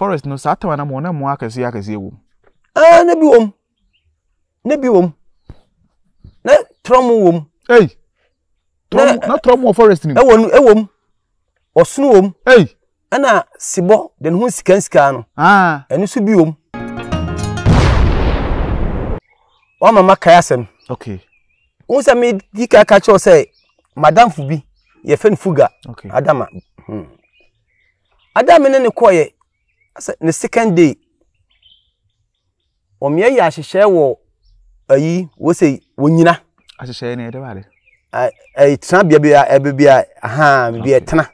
forest no saa tawa na mo na mo akase akase ewo ah na bi wom na bi wom na trom wom hey trom na trom wo forest ni ewo ewo osunu wom hey ana sibo den ho sika sika no ah enu so bi wom wa mama kai asem okay wo se me di ka ka cho se madam fu bi ye fe nfuga okay adama hmm. adam ne ne koye ne second day wɔn yɛ yɛ ahyehyɛ wɔ ayi wɔsɛ wɔnyina. ahyehyɛ ne yɛ dɛ baade. ɛɛ tena bea bea ɛbɛ bea ahan bea tena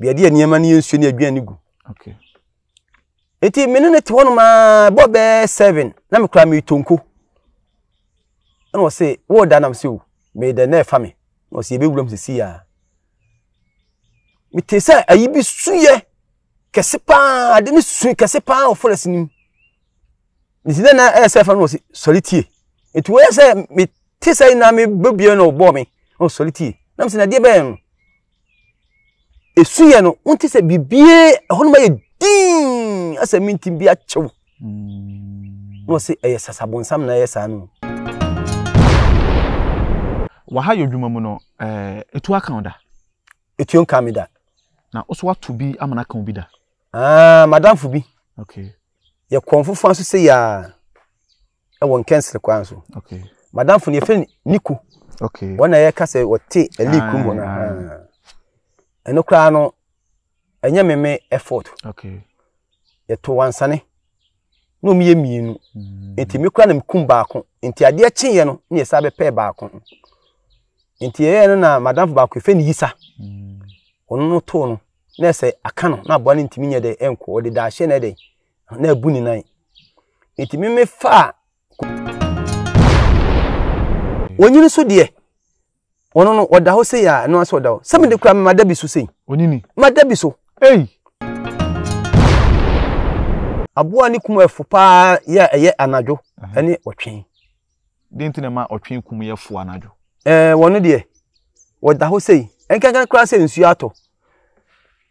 bea deɛ nneɛma ne yɛ nsuo ne aduane gu. eti mene ne te hɔnom aa bɔ bɛɛ seven na me kura me tonko ɛna wɔsɛ wɔɔ da nam sɛ o me da na ɛfa me na wɔsɛ yɛ bɛ wura mu sisi yaa mete sɛ ayi bi su yɛ kɛse paa ade ne sue kɛse paa wɔ forest nim ne ti dɛ na ɛyɛ sɛ ɛfa no wɔ si sɔre tie etu wɔyɛ sɛ me te sɛ na me bebie na ɔbɔ me ɔ sɔre tie na mo sɛ na adeɛ bɛyɛ no esu yɛ no wɔn ti sɛ bibie ɛhɔ nom ayɛ diin asɛ mi bi akyɛw na ɔsi ɛyɛ sasabonsam na ɛyɛ saa no. waha yɛ adwuma mu no ɛɛ eh, etu aka da. etu nka mi da. na ɔso ato bi amana kan bi da. Ah, madamfo bi yɛkɔɔ foforɔ nso sɛ yɛa ɛwɔ nkɛnsere kwan so madamfo no yɛfrɛ niko wɔn na yɛka sɛ wɔte ali kurom hɔ no ah. ɛno no ɛnyɛ meme effort yɛto wansane na ɔmu yɛ mmienu mm. nti me na mekum baako nti adeɛ kyeeɛ no na yɛsa bɛpɛɛ baako nti yɛyɛ no na madamfo baako yɛfrɛ no yisa mm. ɔno no too no na sɛ aka no na aboa no ntumi nyɛ dɛ ɛnkɔ ɔde da ahyɛ na ɛdɛ na abu ne nan ntumi mefa a onyini so deɛ ɔno no ɔda hɔ sei a ɛno asɛ ɔda hɔ sɛ mede kora mada bi so sei onyini mada bi so ei aboa ne kum ɛfo paa yɛ ɛyɛ anadwo ɛne ɔtwen den ti na ma ɔtwen kum yɛ fo anadwo ɛɛ wɔn deɛ ɔda hɔ sei ɛnkankan koraa sɛ nsuo atɔ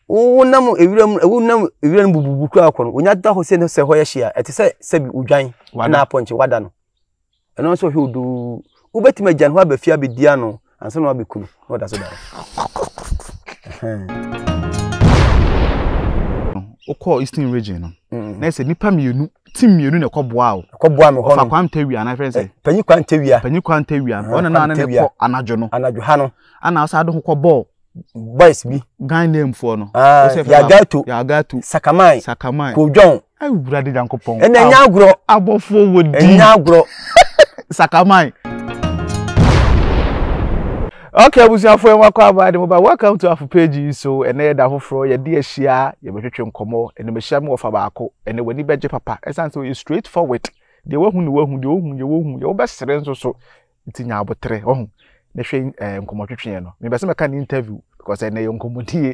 wonam ewuram wonam ewuram bububu onya da ne odwan na apɔnkye wada no ɛno nso na no na so da eastern region no na ɛsɛ nnipa mmienu tim mmienu na ɛkɔboa wo ɛkɔboa me hɔ no na fɛn eh, panyi kwan ntawia panyi kwan eh, na ne no ha boys bi. gan name fo no. Ah, yagato yagato sakamai sakamai kojon. awurade nyankopɔn. ɛnna ɛnya agorɔ. abɔfo wo di. ɛnya agorɔ. sakamai. Okay, abusuafo yɛn wakɔ aba de ba welcome to afo page so ɛnɛ yɛ da foforɔ yɛde ahyia yɛbɛtwetwe nkɔmɔ ɛnumɛhyia mu wɔfa baako ɛnɛ w'ani bɛgye papa ɛsan sɛ ɔyɛ straight forward deɛ wahu ne wahu deɛ ohu deɛ wohu deɛ wobɛsere nso so nti nya abotere ɔho na hwɛ nkɔmɔtwetwe yɛn no mebɛsɛ mɛka ne interview because ɛnna yɛ nkɔmmɔdie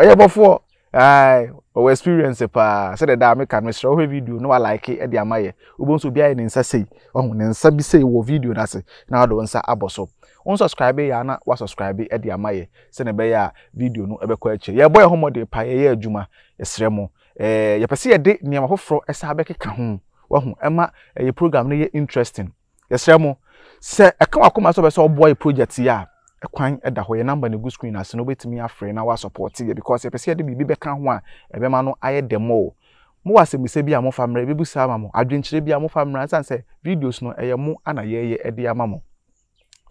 ɔyɛ bɔfoɔ ayi ɔwɔ experience paa sɛdeɛ daa mi ka no ɛsrɛ ɔhwɛ video na walike ɛde ama yɛ obo nso obi ayɛ ne nsa sei ɔho ne nsa bi sei wɔ video n'ase na ɔde wɔn nsa abɔ so wɔn subscribe yɛ ana wa subscribe ɛde ama yɛ sɛdeɛ ɛbɛyɛ a video no ɛbɛkɔ akyire yɛbɔ yɛn ho mɔden pa yɛyɛ adwuma ɛsrɛ mo ɛɛ yɛpɛ sɛ yɛde nneɛma foforɔ ɛsa abɛkeka ho wɔho ɛma ɛyɛ program no yɛ interesting yɛsrɛ mo sɛ ɛka wakoma sɛ ɔbɛ sɛ ɔboa yɛ project yɛ a kwan da hɔ yɛ namba na egu screen ase na wobɛtumi afrɛ na support yɛ because yɛpɛ sɛ yɛde biribi bɛka ho a ɛbɛma no ayɛ dɛmɔ mo wɔ asɛmisa bi a mofa mmerɛ ebibu saa ama mo adwenkyerɛ bi a mofa mmerɛ asane sɛ videos no ɛyɛ mo ana yɛyɛ ɛde ama mo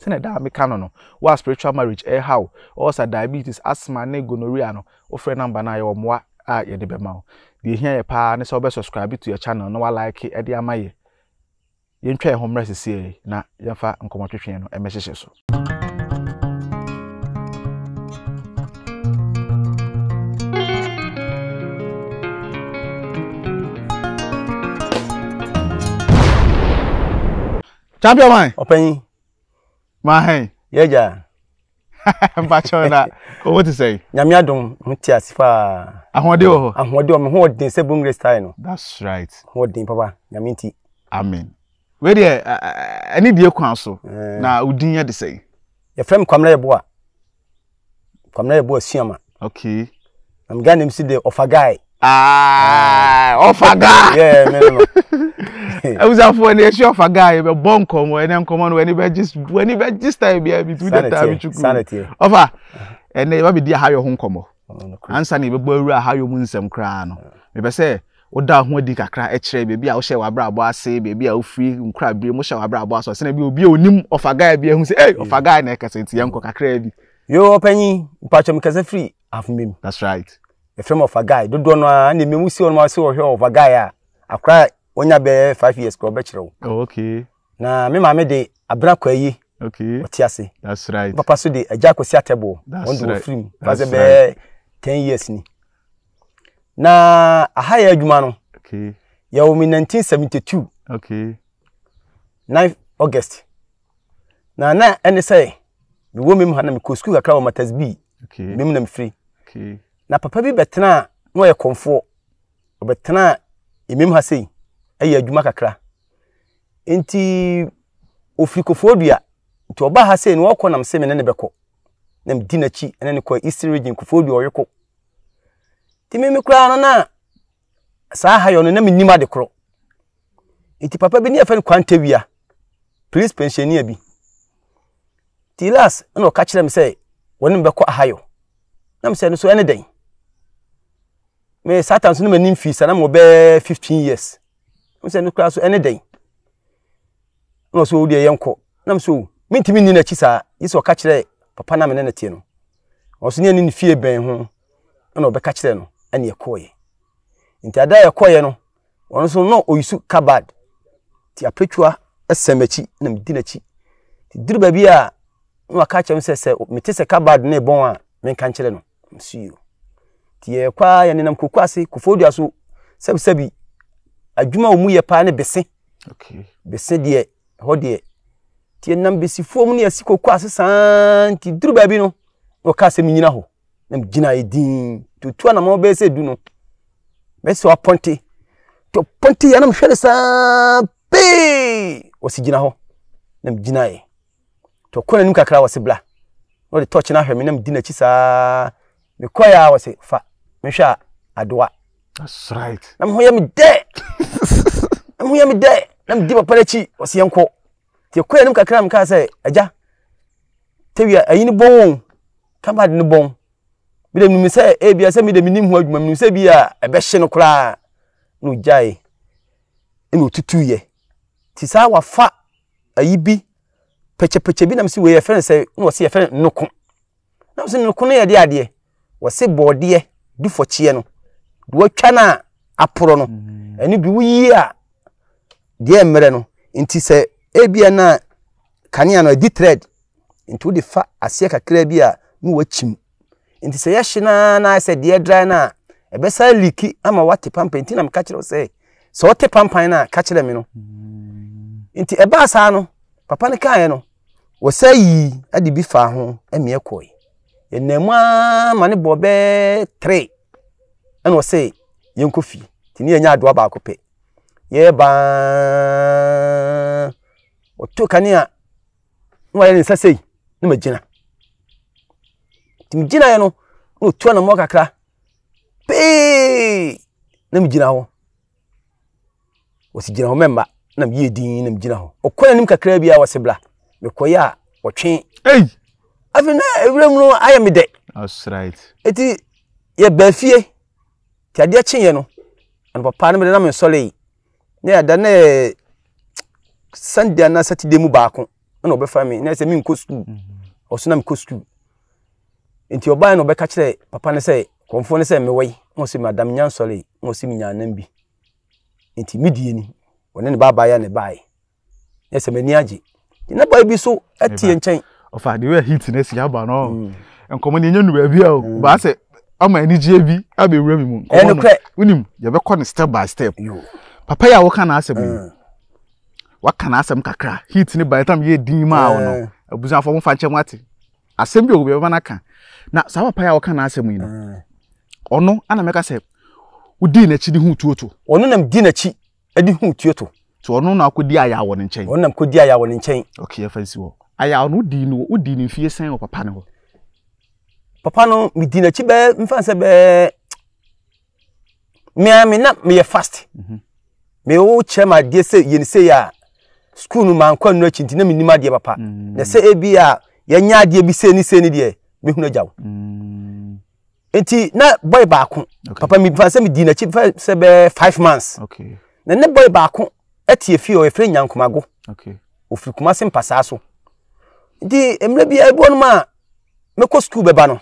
sɛnɛ daa meka no no woa spiritual marriage ɛha wo ɔsa diabetes asthma ne gonorrhea no wofrɛ number no a yɛwɔ mmoa a yɛde bɛma wo deɛ ɛhia yɛ paa ne sɛ wobɛsubscribe to yɛ channel na woalike ɛde ama yɛ yɛntwa yɛ ho mmerɛ sesie na yɛmfa nkɔmmɔtwetwe no ɛmɛhyehyɛ so champion man ọpẹyin man yẹja mpatsọ owó ti sẹyìn. nyàmíà dùn ń ti àsì fà. ahoɔden wɔ hɔ. ahoɔden wɔ mi ahoɔden sɛ bongre style no. that's right. ahoɔden papa nyàmí ti. amen wei deɛ ɛni die kwan so eh. na odin yɛ de sɛyìn. yɛfrɛ mi kwamina yɛboa kwamina yɛboa suama. okay. na mi gaa na mi si de ɔfa guy. aa ah, eh. guy. yeah, no, no. awusafoɔ no yɛhyɛ ɔfa gaa yɛbɛbɔ nkɔmmɔ ɛnɛ nkɔmmɔ no w'ani bɛ gist time biara bi tu de taa bi twuku ɔfa ɛnɛ yɛba bɛdi ahayɔ ho nkɔmmɔ ansa na yɛbɛbɔ awura ahayɔ mu nsɛm koraa no mepɛ sɛ woda ho adi kakra kyerɛ baabi a wohyɛ w'abrabɔ ase baabi a wofiri nkora bere mu hyɛ w'abrabɔ ase ɔsɛn bi obi a onim ɔfa gaa bi ahu sɛ ɛy ɔfa gaa na ɛkasa nti yɛnkɔ kakra bi. yoo ɔpanyin mpatwam kasa firi afumem. that's right. efirem ɔfa gaa dodoɔ no a ɛna mmemu si hɔ nom ase wɔhwɛ ɔfa gaa a akora wonya bɛyɛ five years kora ɔbɛkyerɛ wo oh, okay. na me maame de abena kwa yi okay. ɔte ase That's right. papa so de agya akɔsi atɛboɔ ɔnde wɔfiri mu fasɛ bɛyɛ ten years ni na aha yɛ adwuma no okay. yɛwɔ me 1972 okay. 9 august na na ɛne sɛ mewɔ mem ha na mekɔ sukuu kakra wɔ matas bi okay. mem na mefiri okay. na papa bi bɛtena a na ɔyɛ kɔmfoɔ ɔbɛtena a ɛmem ha sei ɛyɛ adwuma kakra nti ofiri kofoɔ dua nti ɔba ha sɛ ni wɔkɔ nam sɛ mi ne ne bɛkɔ na di n'akyi ɛne ne kɔ eastern region kofoɔ dua ɔrekɔ nti mi koraa no na saa ha yɛ no na mi nim ade korɔ nti papa bi ne yɛfɛ no kwantawia police pensionia bi nti last ɛna ɔka kyerɛ mi sɛ wɔne mi bɛkɔ ahayɔ na mi sɛ no so ɛne dɛn me satan so ne ma nim fi sa na ma ɔbɛɛ fifteen years sɛ no kora so ɛne dɛn na ɔsɛ wo deɛ yɛnkɔ nam so mentumi nni n'akyi saa yi sɛ ɔka kyerɛ papa na me ne ne teɛ no ɔso ne ne fie bɛn ho na ɔbɛka kyerɛ no ɛne yɛkɔɔyɛ nti ada a yɛkɔɔyɛ no ɔno nso na ɔyisu kabad nti apɛtwa sɛm akyi na medi n'akyi nti duru baabi a na waka kyerɛ m sɛ sɛ mete sɛ kabad ne bɔn a menka nkyerɛ no msuo nti yɛkɔ a yɛnenam kokoase kofoɔ dua so sɛbisɛbi adwuma a wɔn yɛ paa ne bese bese deɛ hɔ deɛ Ti nam besi mu ne asi koko ase saa nti duru baabi no na ɔka asɛm nyina hɔ na mu gyina yɛ din tutu anam ɔbɛyɛ sɛ du no bɛyɛ sɛ ɔapɔnte tɔ pɔnte yɛ anam hwɛ ne saa pee wɔsi gyina hɔ na mu gyina yɛ tɔ kɔn anim kakra wɔsi bla na ɔde tɔɔkye na ahwɛ me na mu di n'akyi saa mekɔɛ a wɔsi fa mehwɛ a adowa that's right na mehoyɛ me dɛ na mehoyɛ me dɛ na medi papa no akyi ɔse yɛnkɔ nti ɛkɔ anim kakra mekaa sɛ agya tawia ayi no bɔn o kabad no bɔn mede menim sɛ ebia sɛ mede menim ho adwuma menim sɛ bi a ɛbɛhye no koraa na ogyae ɛna e ɔtutuyɛ nti saa wafa ayi bi pɛkyɛpɛkyɛ bi nam sɛ wei yɛfrɛ no sɛ na wɔse yɛfrɛ no noko nam sɛ noko no yɛde adeɛ wɔse bɔɔdeɛ dufɔkyeɛ no wɔatwa no a aporɔ no ɛno bi woyie a deɛ mmerɛ no nti sɛ ebia na kanea no adi thread nti wode fa aseɛ kakra bi a na wakyim nti sɛ yɛhye naa na sɛ deɛ dry no a ɛbɛsa liki ama wate pampan nti na meka kyerɛ wo sɛ sɛ wote pampan no a ka kyerɛ me no mm-hmm. nti ɛbaa saa no papa no kaeɛ no wɔsa yii ade bi faa ho ɛmeɛ kɔe yɛnamu a ma ne bɔɔ bɛɛ three ɛna ɔsɛ yɛnkɔ fie nti ne yɛnya adoa baako pɛ yɛyɛ baa ɔto kanea na wayɛ ne nsa sei na magyina nti megyinaeɛ no na ɔtu anammɔ kakra pee na megyina hɔ wɔsi gyina hɔ mɛmba na meyɛ din na megyina hɔ ɔkɔ n'anim kakra bi a wɔsi bla mekɔyɛ a ɔtwe afei na ewuram no ayɛ me dɛ eti yɛ baa fie nti adeɛ kyeeɛ no ɔno papa no mede nam nsɔre yi na yɛda na yɛ sunday anaa saturday mu baako ɛna ɔbɛfa me na sɛ menkɔ sukuu mhm. ɔso na mekɔ sukuu nti ɔbaeɛ na ɔbɛka kyerɛ papa no sɛ kɔmfoɔ no sɛ mewɔ yi na ɔsɛ madam nya nsɔre yi na ɔsɛ menya anam bi nti medie ni ɔne ne baabaeɛ a ne baeɛ na sɛ m'ani agye nti na bae bi so ɛte yɛ nkyɛn ɔfa de wɛ hit na si aba no mm. nkɔmmɔ no ɛnyɛ nu baabi a o mm. baasɛ ama anigye bi abɛwura mi mu nkɔmɔ wonim yɛbɛkɔ no step by step papa yi a woka n'asɛm yi mm. waka n'asɛm kakra heat ne by the time yɛ din mu a wɔ no eh. abusuafo mo fa nkyɛn mo ate asɛm bi a obiara na ka na saa papa yi a woka n'asɛm yi no mm. ɔno ana mɛka sɛ wodi n'akyi de hu tuoto ɔno nam di n'akyi de hu tuoto nti ɔno na akɔdi aya wɔ ne nkyɛn ɔno nam kɔdi aya wɔ ne nkyɛn okay yɛfa nsi hɔ aya ɔno wodi no wodi ne mfie sɛn wɔ papa ne hɔ papa no medi n'akyi bɛɛ mfa sɛ bɛɛ mmea me na meyɛ fast mhm. mewo kyerɛ ma adeɛ sɛ yɛn sei a sukuu no ma mankɔ no akyi nti na menim adeɛ papa mhm. na sɛ ebi a yɛnya adeɛ bi se ni se ni deɛ mehunu agya wo mhm. nti na boy baako papa mfa sɛ medi n'akyi mfa sɛ bɛɛ five months na ne boy baako ɛte efi hɔ yɛfrɛ nyankomago ofiri kumase mpasaa so nti mmerɛ bi ebi wɔn mu a mekɔ sukuu bɛba no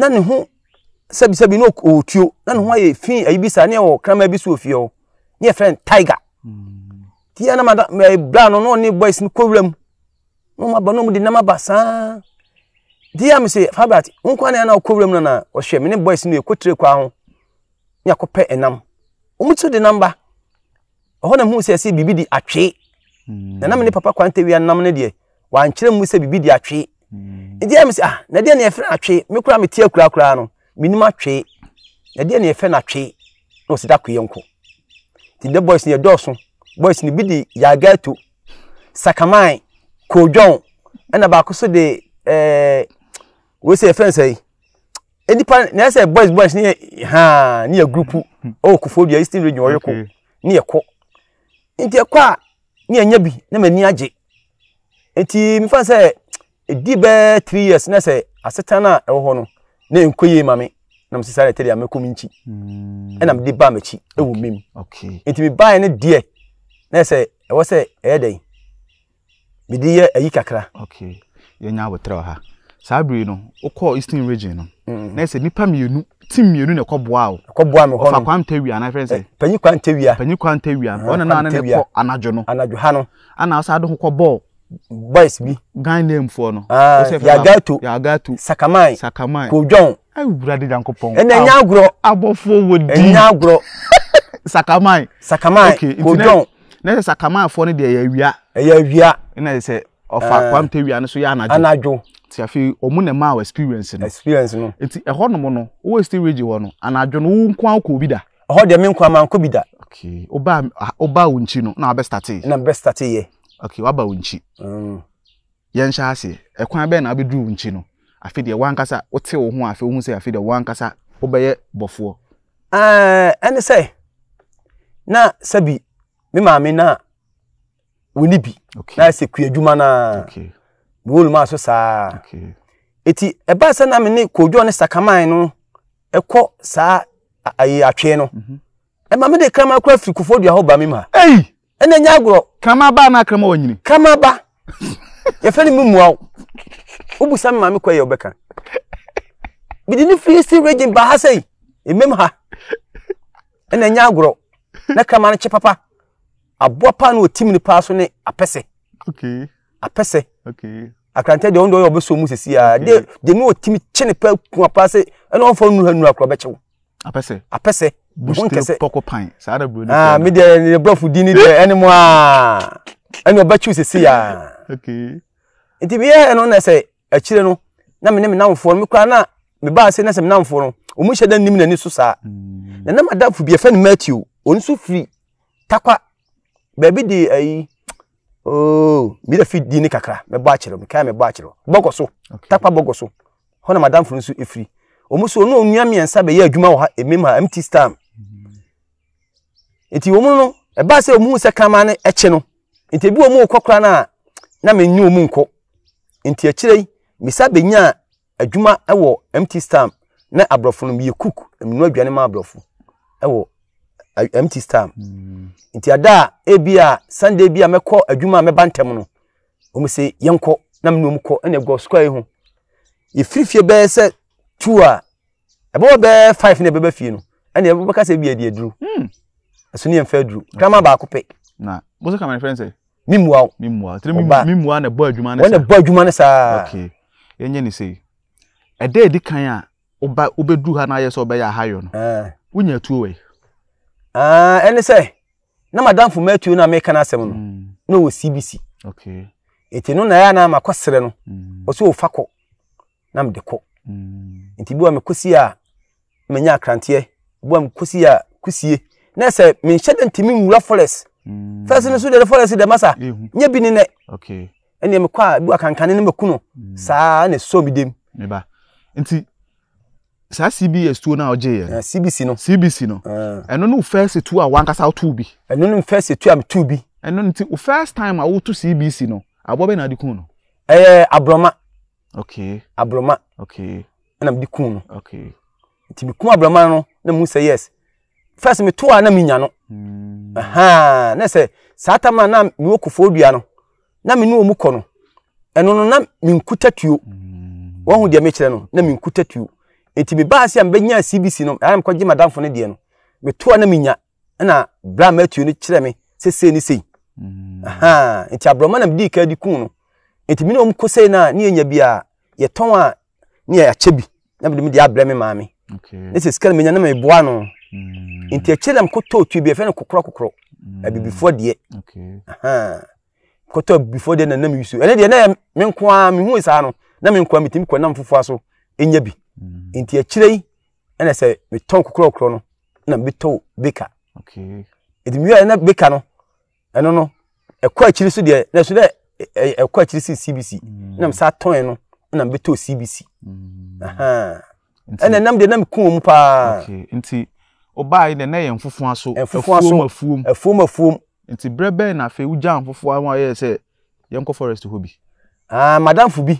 na ne ho sɛbisɛbi na ɔtuo na ne ho ayɛ fi ayi bi saa ne ɛwɔ kraman bi so ofie hɔ ne yɛfrɛ no tiger ti yɛ nama bla no na ɔne boys no kɔ mu na ɔmo aba na ɔmo de nam aba saa ti yɛ ame fabrat nkwa na yɛn mu na ɔhwɛ me ne boys no yɛ kɔ kwa ho ne akɔpɛ ɛnam ɔmo ti de nam ba ɔhɔ na mu sɛ ɛsɛ biribi de atwe na nam ne papa kwanta wia nam ne deɛ wankyerɛ mu sɛ biribi de atwe ɛdi ɛmi sɛ ah na deɛ na yɛfɛ n'atwe mi kura mi tie kura kura no mi nim atwe na deɛ na yɛfɛ n'atwe na ɔsi dako yɛ nko ti de boys ni ɛdɔɔso boys ni bi di yagato sakaman kodwon ɛna baako so de ɛɛ eh, wosi yɛfɛ nsa yi nipa na yɛsɛ boys boys ni yɛ haa ni yɛ gurupu ɔwɔ kofo dua eastern region ɔyɛ ko ni yɛ kɔ nti ɛkɔ a ni yɛ nya bi na ma ni agye nti mifa sɛ ɛdi bɛɛ three years na sɛ asetan a ɛwɔ hɔ no na ɛnkɔ yie ma me nam sisa ne tɛdeɛ amɛkɔ mi nkyi hmm. ɛna mede baa m'akyi ɛwɔ mim nti mebaeɛ no deɛ na sɛ ɛwɔ sɛ ɛyɛ dɛn mede yɛ ayi kakra yɛnya abotrɛ wɔ ha saa bere no wokɔɔ eastern region no mm-hmm. na sɛ nnipa mmienu tim mmienu na ɛkɔboa wo ɛkɔboa me hɔ no kwa ntawia na fɛn sɛ panyi kwa ntawia panyi kwa ntawia ɔno na ne kɔ anadwo no anadwo ha no ana asa ado ho kɔ bɔɔl boys bi. gan name fo no. yagato ah, yagato sakamai sakamai kojon. awurade nyanko pɔn. ɛnna ɛnya agorɔ. abɔfo wo di. sakamai. sakamai sakamai fo no deɛ yɛ wia. ɛyɛ wia. ɛnna sɛ ɔfa wia so ya na ma experience no. experience no. ɛhɔ nom no hɔ no no wo da. deɛ okay waba wo nkyi ah. yɛnhyɛ ase ɛkwan bɛn na abɛduru wo nkyi no afei deɛ wankasa wote wo ho afei wohu sɛ afei deɛ wankasa wobɛyɛ bɔfoɔ ɛne eh, sɛ na sɛbi me maame no a bi na sɛ kua adwuma no a mewɔ numa so saa ɛti ɛbaa sɛ na me ne kodwo ne sakaman no ɛkɔ saa atwee no ɛma mhm. mede krama kora firi kufoɔ dua hɔ ba me ma ɛna ɛnya agorɔ Krama ba na krama wanyini. Krama ba. Ye fani mu muaw. Ubu sam maami kwa ye obeka. Bidi ni free still region ba ha sei. Emem ha. Ena nya agro. Na krama na chepapa. Aboa pa na otim ni pa so ne apese. Okay. Apese. Okay. Akrante de ondo ye obeso mu sesi ya. De de mu otim che ne pa ku apase. Ena onfo nu ha nu akro beche wo. Apese. Apese bush porco pine saa na buroni ah me de ne brɔfo di ne deɛ ɛne mu a ɛne ɔbɛkyew sesi a okay nti meyɛ ɛno na sɛ akyire no na me ne me namfoɔ no mekora na mebaa sɛ na sɛ me namfoɔ no ɔmu hyɛ da nnim n'ani so saa mm. na na madamfo bi ɛfɛ no matthew ɔno so firi takwa baabi de ayi ooo bi da fi di ne kakra mɛbɔ akyerɛ mekaa mɛbɔ akyerɛ bɔgɔ so takwa bɔgɔ so hɔ na madamfo no so ɛfiri ɔmu so ɔno onua mmiɛnsa bɛyɛ adwuma wɔ ha ɛmem ha mt stam nti wɔn no ɛba sɛ wɔn sɛ kraman no ɛkyi no nti ebi wɔn rekɔ kora no a na mɛ nyi wɔn nkɔ nti akyire yi misa bɛnya adwuma ɛwɔ empty stam na aborɔfo no yɛ cook minnu aduane ma aborɔfo ɛwɔ mt stam hmm. nti ada a ebi a sunday bi a mɛkɔ adwuma a mɛba ntɛm no wɔn sɛ yɛn kɔ na mɛ wɔn kɔ ɛna ɛgɔ square yi ho yɛfiri bɛyɛ sɛ two a ɛbɛwɔ bɛyɛ five na ɛbɛbɛ fie no ɛna ɛbɛbɛka sɛ ebi yɛ deɛ duro. Hmm ɛso ne yɛmfa aduru grama baako pɛ na bose ka mane frɛ sɛ memua wo memua tiri adwuma ne sa wɔn ne okay yɛnyɛ ne sei ɛda edi kan a woba wobɛduru ha na sɛ wobɛyɛ ahayɔ no wonya tuo wɛ ah ɛne sɛ na madamfo ma atuo no a meka no asɛm no na wɔ cbc okay ɛti no na ɛyɛ anaa makɔ serɛ no ɔsɛ wɔfa kɔ na mede kɔ nti bi wa mekɔsi a manya akranteɛ bi wa mekɔsi a kusie na sɛ menhyɛ dɛ ntumi nwura forest mm. fɛs no so deɛ forest dɛma sa nyɛ bi ne nɛ ɛneɛ mekɔ a bi akankane no maku no mm. saa na ɛsɔ me dam nti saa cbs tuo no a ɔgye yɛ cbc no cbc eh, no eh. ɛno no, wo first tuo a wankasa wotoo bi ɛno no first tuo a metoo bi ɛno nti wo first time a woto cbc no aboa bɛ na ade ku no ɛyɛ abrɔma okay abrɔma okay ɛna mede ku no okay nti meku abrɔma no na mu sɛ yes first me to a ah, na menya no hmm. aha na sɛ saa na mewɔ kofoɔ dua no na me ne ɔmu kɔ no ɛno no na menkuta tuo hmm. wahu deɛ mekyerɛ no na menkuta tuo nti mebaa se a mebɛnya cbc no ara madam madamfo no deɛ no metoa ah, na menya ɛna berɛ a matuo no me, se se ni sei hmm. aha enti aborɔma na medii ka di kum no enti me ne ɔmu kɔ sei no a ne yɛnya bi a yɛtɔn a ne yɛakyɛ bi na mede mede abrɛ me maame ne sɛ sika no menya na meboa no Mm. nti akyire nam kɔtɔ otu bi ɛfɛ no kokorɔ kokorɔ mm. abibifoɔ deɛ kɔtɔ abibifoɔ deɛ na nam yi so ɛne deɛ na yɛ me nkoa mehu saa no na me nkoa metumi kɔ nam fofoa so ɛnya bi mm. nti akyire yi ɛna sɛ metɔn kokorɔ kokorɔ no na metɔw beka ɛti mewie na beka no ɛno no ɛkɔ akyire so deɛ na so dɛ ɛkɔ akyire si cbc nam saa tɔn no me metɔw cbc ɛna nam deɛ na mekun wɔn mu paa ɔbaa yi na ɛnɛ yɛ nfufu aso ɛfuom afuom ɛfuom afuom nti brɛ bɛn na afei wogya nfufu ama yɛ sɛ yɛn kɔ forest hɔ bi. aa ah, madamfo bi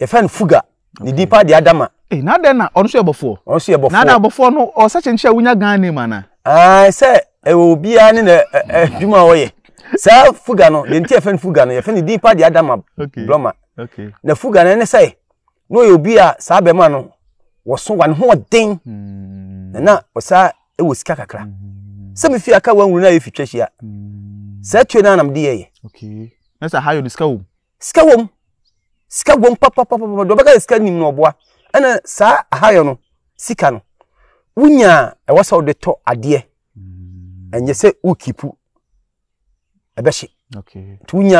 yɛfɛ no fuga ne di pa de adama. ee eh, nada na ɔno nso yɛ bɔfoɔ ɔno nso yɛ bɔfoɔ n'adɛ abɔfoɔ no ɔsɛ kyenkyen a wonya gan ne ma na. aa ah, sɛ ɛwɔ obiara ne na adwuma a ɔyɛ saa fuga no deɛ nti yɛfɛ no fuga no yɛfɛ ne di pa de adama blɔma na fuga no ɛne sɛ n'oyɛ obi a saa bɛrima no wɔso wa ne ho ɔden. Hmm na ɔsa ɛwɔ sika kakra mm. sɛ mefi aka wanwuru na mm. a yɛfi twa hyia saa anam de yɛyɛ na sɛ hayo no sika wom sika wom sika wom papapapapa deɛ ɔbɛka yɛ sika nim no ɔboa ɛna saa hayo no sika no wonya a ɛwɔ sɛ wode tɔ adeɛ mm. ɛnyɛ sɛ wokipu ɛbɛhye nti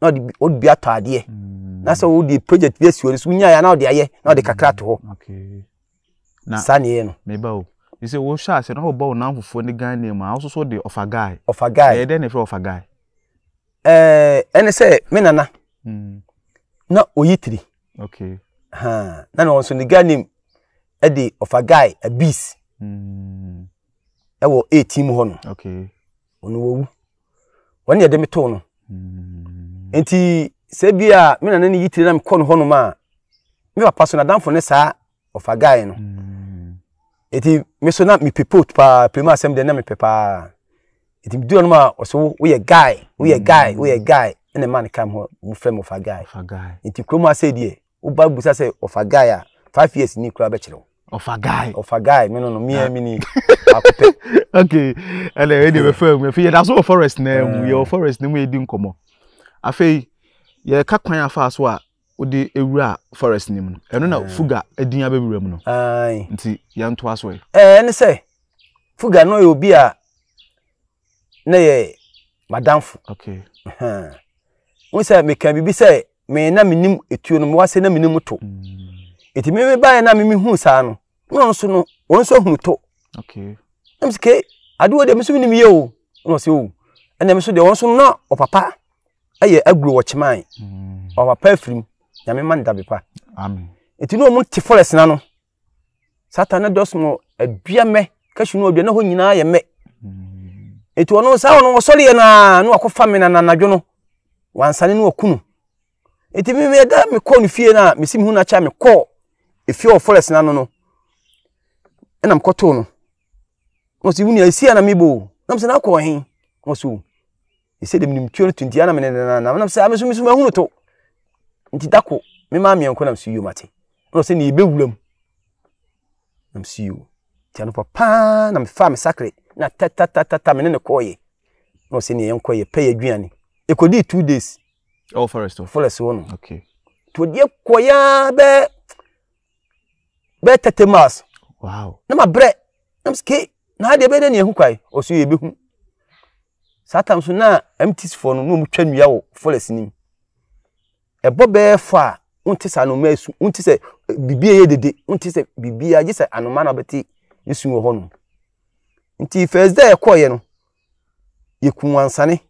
na di bi atɔ adeɛ na sɛ wode project bi asiwɔ no so wonya yɛ na wode ayɛ na wode kakra to hɔ saneɛ no meba o sɛ wɔhyɛ ase na wɔbɔ wo name. fofoɔ ne gan the of a guy. Of a guy. ɔfa gae ɛyɛ dɛn na ɛfrɛ ɔfa gae say, me nana hmm. na ɔyi tiri okay ha na na ɔnso ne gan ne mu ɛde ɔfa gae abis hmm. ɛwɔ a team hɔ no okay ɔno wɔwu wɔne yɛde me too no hmm. nti sɛ bi a me nana ne yi na mekɔ no hɔ nom a me papa so na adamfo ne of a guy no mm eti me so na me pepot paa pema asɛm deɛ na mepɛ paa eti duro no ma ɔso woyɛ guy woyɛ mm. guy woyɛ guy ɛna a ne kam hɔ mo fɛ mo fa guy Eti kurom ase deɛ woba busa sɛ ɔfa guy a five years ni kura bɛkyerɛw ɔfa guy ɔfa guy me no no mia mi ni akopɛ okay ɛna ɛyɛ deɛ bɛfɛ mu afei yɛda so wɔ forest na mu yɛ wɔ forest na mu yɛ di nkɔmɔ afei yɛka kwan afa so a wode ewura forest nim no ɛno na ah. fuga edin abɛwura mu no nti yɛnto aso yi. Eh, ɛɛ ne sɛ fuga no yɛ obi a ne yɛ madamfo n sɛ meka biribi sɛ me na menim etuo no mo wase na menim to hmm. eti me baayɛ na mimi hu saa no na nso no ɔno nso hu to ɛm sɛ ke adeɛ deɛ mesom nim yie o ɛna ɔsɛ o ɛna meso deɛ ɔno nso na ɔpapa ɛyɛ aguro wɔ kyeman hmm. ɔpapa afirim nyame ma nda bepa nti na ɔmo te forest na no satan ne dɔso mo adua mɛ kahyu no adua na hɔ nyinaa yɛ mɛ mm. nti ɔno saa ɔno wɔsɔre yɛ naa na wakɔfa me na nanadwo no wansane no waku no nti mi mi da mi kɔ no fie na mi si mi hu na kyɛ mi kɔ efie wɔ forest na no no ɛna mi kɔtoo no na ɔsi wuni esi anam ibo na mi sɛ na akɔ ɔhen na ɔsi wo esi de mi nim tuo no tunti anam ne ne na na na mi sɛ ami so mi so ma hu no to nti da kɔ me maa mmiɛnko nam so yio ma te ɛna ɔsɛ nea ebɛwura paa na mefa me sakre na tatatatata me ne kɔɔyɛ na ɔsɛ nea yɛnkɔyɛ pɛ yɛ aduane ɛkɔdii two days oh, forest hɔ oh. no okay. tɔdeɛ kɔyaa bɛɛ bɛɛ tɛtɛ miles wow. na ma brɛ na msike na adeɛ bɛɛ dɛ ɛhu kwae ɔsɛ yɛ saa tam so na mts no na ɔmutwa nnua wɔ forest no ɛbɔ bɛɛ fa a nti sɛ anoma esu nti sɛ eh, bibi yɛ dede nti sɛ bibi yɛ agye sɛ anoma na ɔbɛte esu wɔ hɔnom nti fɛs dɛ ɛkɔɔyɛ no yɛ kum wansane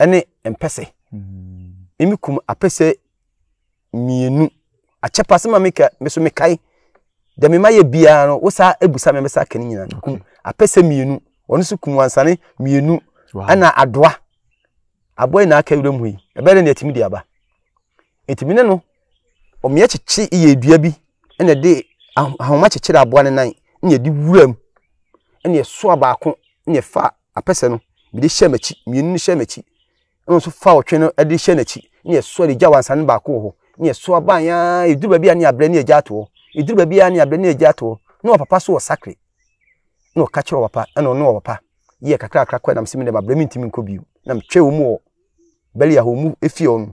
ɛne mpɛsɛ hmm. emi kum apɛsɛ mmienu akyɛpase ma meka meso mekae deɛ mema yɛ biara no wosa ebusa mɛ mɛsa kɛ ne nyinaa no kum apɛsɛ mmienu ɔno so kum wansane mmienu ɛna adoa aboa na aka ewuram hɔ yi ɛbɛyɛ dɛ ne ɛtumi de aba nti no ɔmeɛ kyekye yɛ dua bi ɛna de ahoma kyekyere aboa ne nan ɛna yɛde wura mu ɛna yɛsoa baako ɛna yɛfa apɛsɛ no mede hyɛ m'akyi mmienu no hyɛ m'akyi ɛna nso fa ɔtwe no ɛde hyɛ n'akyi ɛna yɛsoa de gya wansane baako wɔ hɔ ɛna yɛsoa ban yaa ɛduru baabi a ne abrɛ ne yɛgya ato hɔ ɛduru baabi a ne abrɛ ne yɛgya ato hɔ na wɔ papa so wɔ sakre na ɔka kyerɛ wɔ papa ɛna ɔno wɔ papa yɛ kakrakra mu wɔ bɛli mu efie hɔ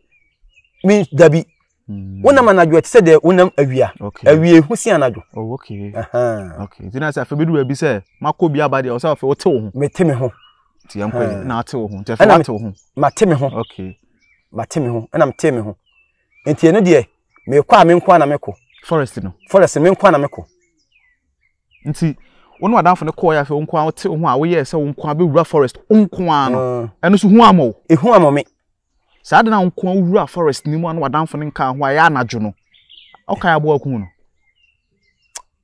mi dabi hmm. wonam anadwo te sɛ deɛ wonam awia awie ho si anadwo oh, nti na sɛ afei bɛdu baabi sɛ makɔ bi aba deɛ ɔsɛ afei wote wo ho mete me ho nate wo ho mate me ho mate me ho ɛna mete me ho nti ɛno deɛ mekɔ a me nko a na mekɔ forest no forest me nko a na mekɔ nti wo ne wadamfo no kɔɔ yɛ afei wo nko a wote wo ho a woyɛɛ sɛ wo nko a bɛwura forest wo nko a no ɛno so hu ama wo ɛhu ama me saa de na nko awura forest ni mu a na wadanfo ne nka ho a anadwo no ɔkae aboa kum no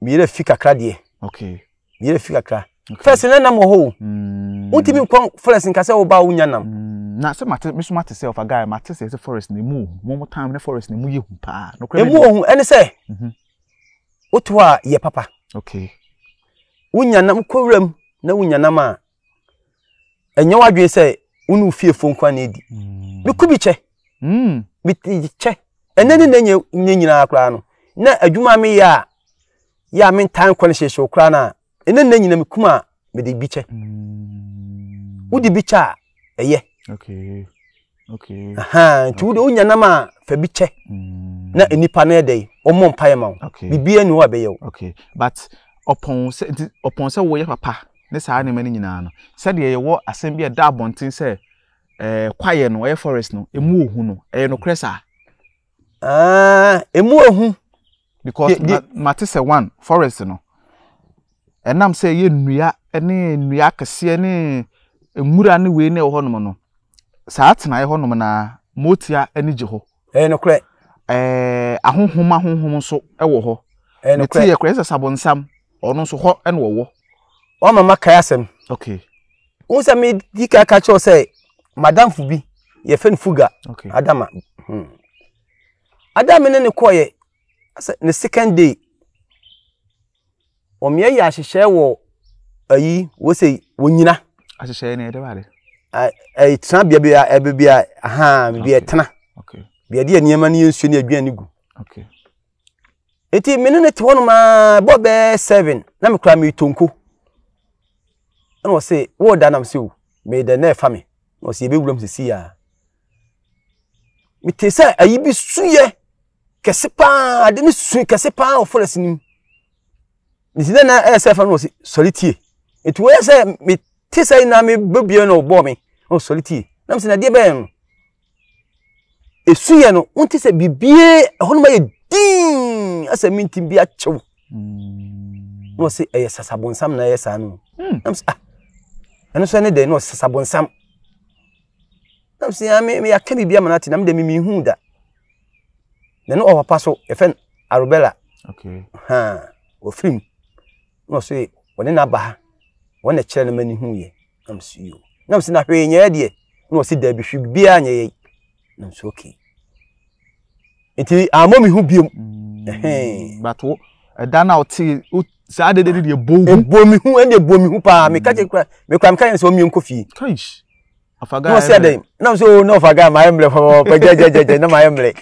meyerɛ fi kakra deɛ okay meyerɛ fi kakra okay. first na nam hɔ mm. wontimi nkɔ forest nka sɛ woba wonya nam mm. na sɛ mate meso mate sɛ ɔfa guy mate sɛ sɛ forest ne mu mo time ne forest ne mu yɛ hu paa ɛmu ɔhu ɛne sɛ mhm. woto a yɛ papa okay wonya nam kɔ wuram na wonya nam a ɛnyɛ w'adwene sɛ wone fiefo nkwa na edi meku hmm. bi kyɛ hmm. kyɛ ɛnɛ ne nɛ nyɛ nyinaa koraa no na adwuma meyɛ a yɛ a mentan kɔ no hyehyew koraa no a ɛnɛ nɛ nyina mekum a mede bi kyɛ hmm. wode bi kyɛ a ɛyɛ nti wode wonya nam a fa bi kyɛ na nnipa no ɛdɛ ɔmmɔ mpaeɛ ma wo biribiaa ni hɔ a bɛyɛ wo ɔpɔn sɛ woyɛ papa ne saa nneɛma no nyinaa no sɛdeɛ yɛwɔ asɛm bi a ɛda abɔnten sɛ ɛɛ eh, kwaeɛ no ɛyɛ forest no emu ohu no ɛyɛ nokorɛ saa. Ah, emu ohu. because mate sɛ one forest no ɛnam sɛ ɛyɛ nnua ne nnua kɛseɛ ne nwura ne wei ne ɛwɔ hɔnom no saa tenaeɛ hɔnom na motia ani gye hɔ. ɛyɛ nokorɛ. ɛɛ eh, ahohom ahohom nso ɛwɔ hɔ. ɛyɛ nokorɛ ne ti yɛ korɛ sɛ sabonsam ɔno nso hɔ ɛna ɔwɔ. wọn mama kae asɛm okay wọn sɛ mi di ka ka kyerɛw sɛ madamfo bi yɛfɛ no fuga okay adama hmm. adama ne ne kɔɔyɛ asɛ ne second day wɔn yɛ yɛ ahyehyɛ wɔ ayi wɔsɛ wɔnyina ahyehyɛ ne yɛ dɛ baade ɛɛ tena bea bea ɛbɛ bea ahan bea tena okay bea deɛ nneɛma ne yɛ nsuo ne aduane gu okay eti mene ne te hɔ nom a bɔ bɛɛ seven na me kura mi tonko ɛna ɔse wɔɔ da nam se o oh, mɛ dɛ na ɛfa mi na ɔse ebe wuram sisi ya mete sɛ ayi bi suyɛ kɛse paa ade ne suy kɛse paa wɔ forest nim nti dɛ na ɛyɛ sɛ ɛfa no ɔse sɔre tie etu wɔyɛ sɛ mete sɛ na me bebie na ɔbɔ mi na ɔsɔre tie nam se na adeɛ bɛyɛ no esu no wɔn ti sɛ bibie ɛhɔ nom ayɛ diin asɛ mi ti bi akyɛw hmm. na ɔse ɛyɛ sasabonsam na ɛyɛ saa no hmm. nam se ah ɛno nso ne de na ɔsesa bɔnsam nam sɛ ya me yɛaka biribi ama no ate nam dɛ memehu da na ne ɔwɔpa so yɛfɛ no arobela ha wɔfiri mu na ɔso wɔne no aba ha wɔne kyerɛ no ma ne hu yɛ nam so yo nam sɛ na hwee nyɛɛ deɛ na ɔse daabi hwe biara nyɛ yɛi nam so okay nti ammɔ me hu biom mm. but ɛda na ɔte saa dede de deɛ bohu ebo mi hu ɛde ebo mi hu paa meka kye kura mekura meka yɛn sɛ ɔmi yɛn fie kaish afaga yɛ dɛ dɛn nam so na ɔfaga ma yɛ mmerɛ pɛpɛpɛ gyɛgyɛgyɛgyɛ na ma yɛ mmerɛ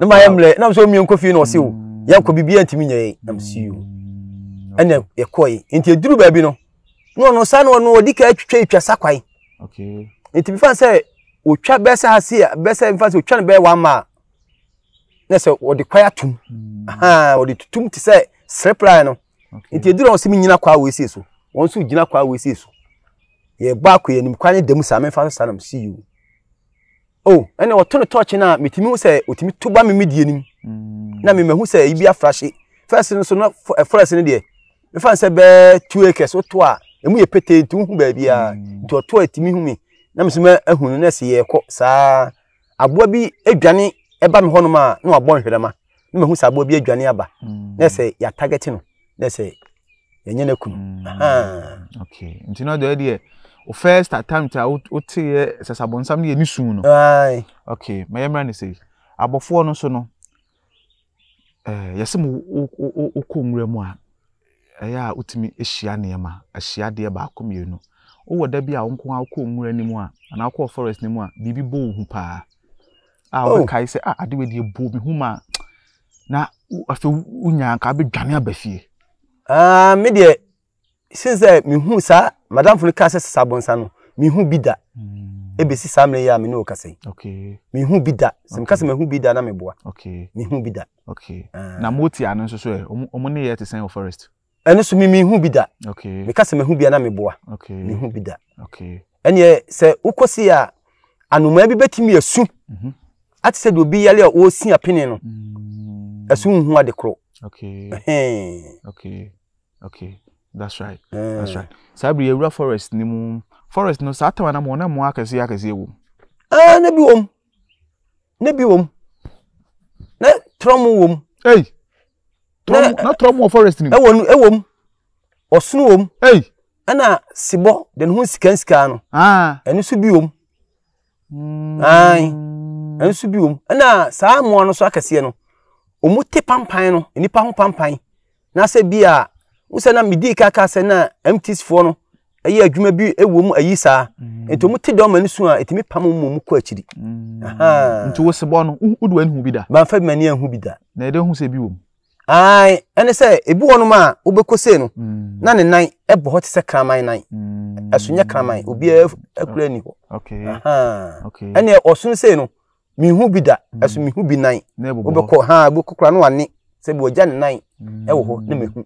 na ma yɛ mmerɛ nam so ɔmi yɛn fie na ɔsi o yɛn bibi yɛn ntumi nyɛ yɛ nam si o ɛna yɛkɔ yi nti eduru baabi no na ɔno saa na ɔno ɔdi ka atwitwa atwa sakwa yi nti bifa sɛ otwa bɛsɛ ha bɛsɛ bifa sɛ otwa no bɛyɛ wɔn ama na sɛ wɔde kwaya tum mm. wɔde tutum te sɛ srɛpra no nti eduru a wɔsi mi nyina kwa wɔ esie so wɔn nso gyina kwa wɔ esie so yɛ bɔ akɔ yɛ nim kwa ne dɛm saa mɛfa so saa nam si yi o oh, o ɛna wɔto ne tɔɔkye na mitimi ho sɛ otimi to ba mi mi die nim mm. na mi mɛhu sɛ ebi afrahye fɛs no so na fɛs eh, no deɛ mefa sɛ bɛɛ two acres o to a emu yɛ pete nti mm. hu baabi a nti ɔto a etimi hu mi na mi so mɛ ehunu na ɛsɛ yɛ kɔ saa aboa bi edwane. ɛba me hɔnom a na wabɔ nhwerɛma na mahu sɛ aboa bi adwane aba mm. na sɛ yɛatagɛte no na sɛ yɛnyɛ no akum mm. nti no deɛ deɛ o first attempt a woteɛ sasabɔnsam no yɛ ne su no ok ma yɛmmra no sɛ abɔfoɔ no so no eh, yɛsɛ m wokɔ nwura mu a ɛyɛ a wotumi ahyia nneɛma ahyia deɛ baako mmienu wowɔ da bi a wo nko a nwura no mu a anaa wokɔɔ forest no mu a biribi bɔ wo hu paa a oh. wɔbɛkae sɛ a ah, ade wadi ebu mi hu ma na afɛ wonya nka abɛdwane aba fie. aa ah, mi deɛ since sɛ mi hu saa madam funu kaa sɛ sisa abɔnsa no mi hu bi da hmm. ebesi saa mmerɛ yi a mi ne o kasa yi mi hu bi da sɛ kasa mi hu bi da na mi boa mi hu bi da. Ah. na mo ano nso so yɛ ɔmo ne yɛ te sɛn wɔ forest. ɛno so mi mi hu bi da mi kasa mi hu bi da na mi boa mi hu bi da ɛnni sɛ wokɔ si a anomaa bi bɛtumi esu. Mhm ate sɛ deɛ obi yale a ɔresi apene no mm. ɛso nhu ade Okay. that's right mm. that's right saa bere ewura forest ni mu forest no saa tama na mu ɔna mu akɛseɛ akɛseɛ wɔ mu. aa ne bi wɔ mu ne bi wɔ mu ne trɔm wɔ mu. na trɔm wɔ forest ni mu. ɛwɔ mu ɛwɔ mu ɔsono wɔ mu. ɛyi ɛna sibɔ de ne ho sika sika no ah. ɛno nso bi wɔ mu. Mm. ayi nso bi wom ɛna saa mmoa no so akɛseɛ no ɔmu te pampan no nnipa ho pampan na sɛ bi a wosɛ na midi kaka sɛ na mts foɔ no ɛyɛ adwuma bi ɛwɔ mu ayi saa mm. nti ɔmu te dɔma no so a ɛtumi pam mu mu kɔ akyiri mm. nti wo sebɔ no wode w'ani hu bi da mamfa bi m'ani anhu bi da na ɛdɛ hu sɛ bi wɔ ae ɛne sɛ ebi wɔ nom a wobɛkɔ sei no mm. na ne nan ɛbɔ hɔ te sɛ kraman nan ɛso nyɛ kraman obiara akura ni hɔ ɛneɛ ɔsono sei no mihu bi da ɛso mm. mihu bi nan wobɛkɔ ha wobɛkɔ kora no wane sɛ bi ɔgya ne nan mm. ɛwɔ hɔ na mehu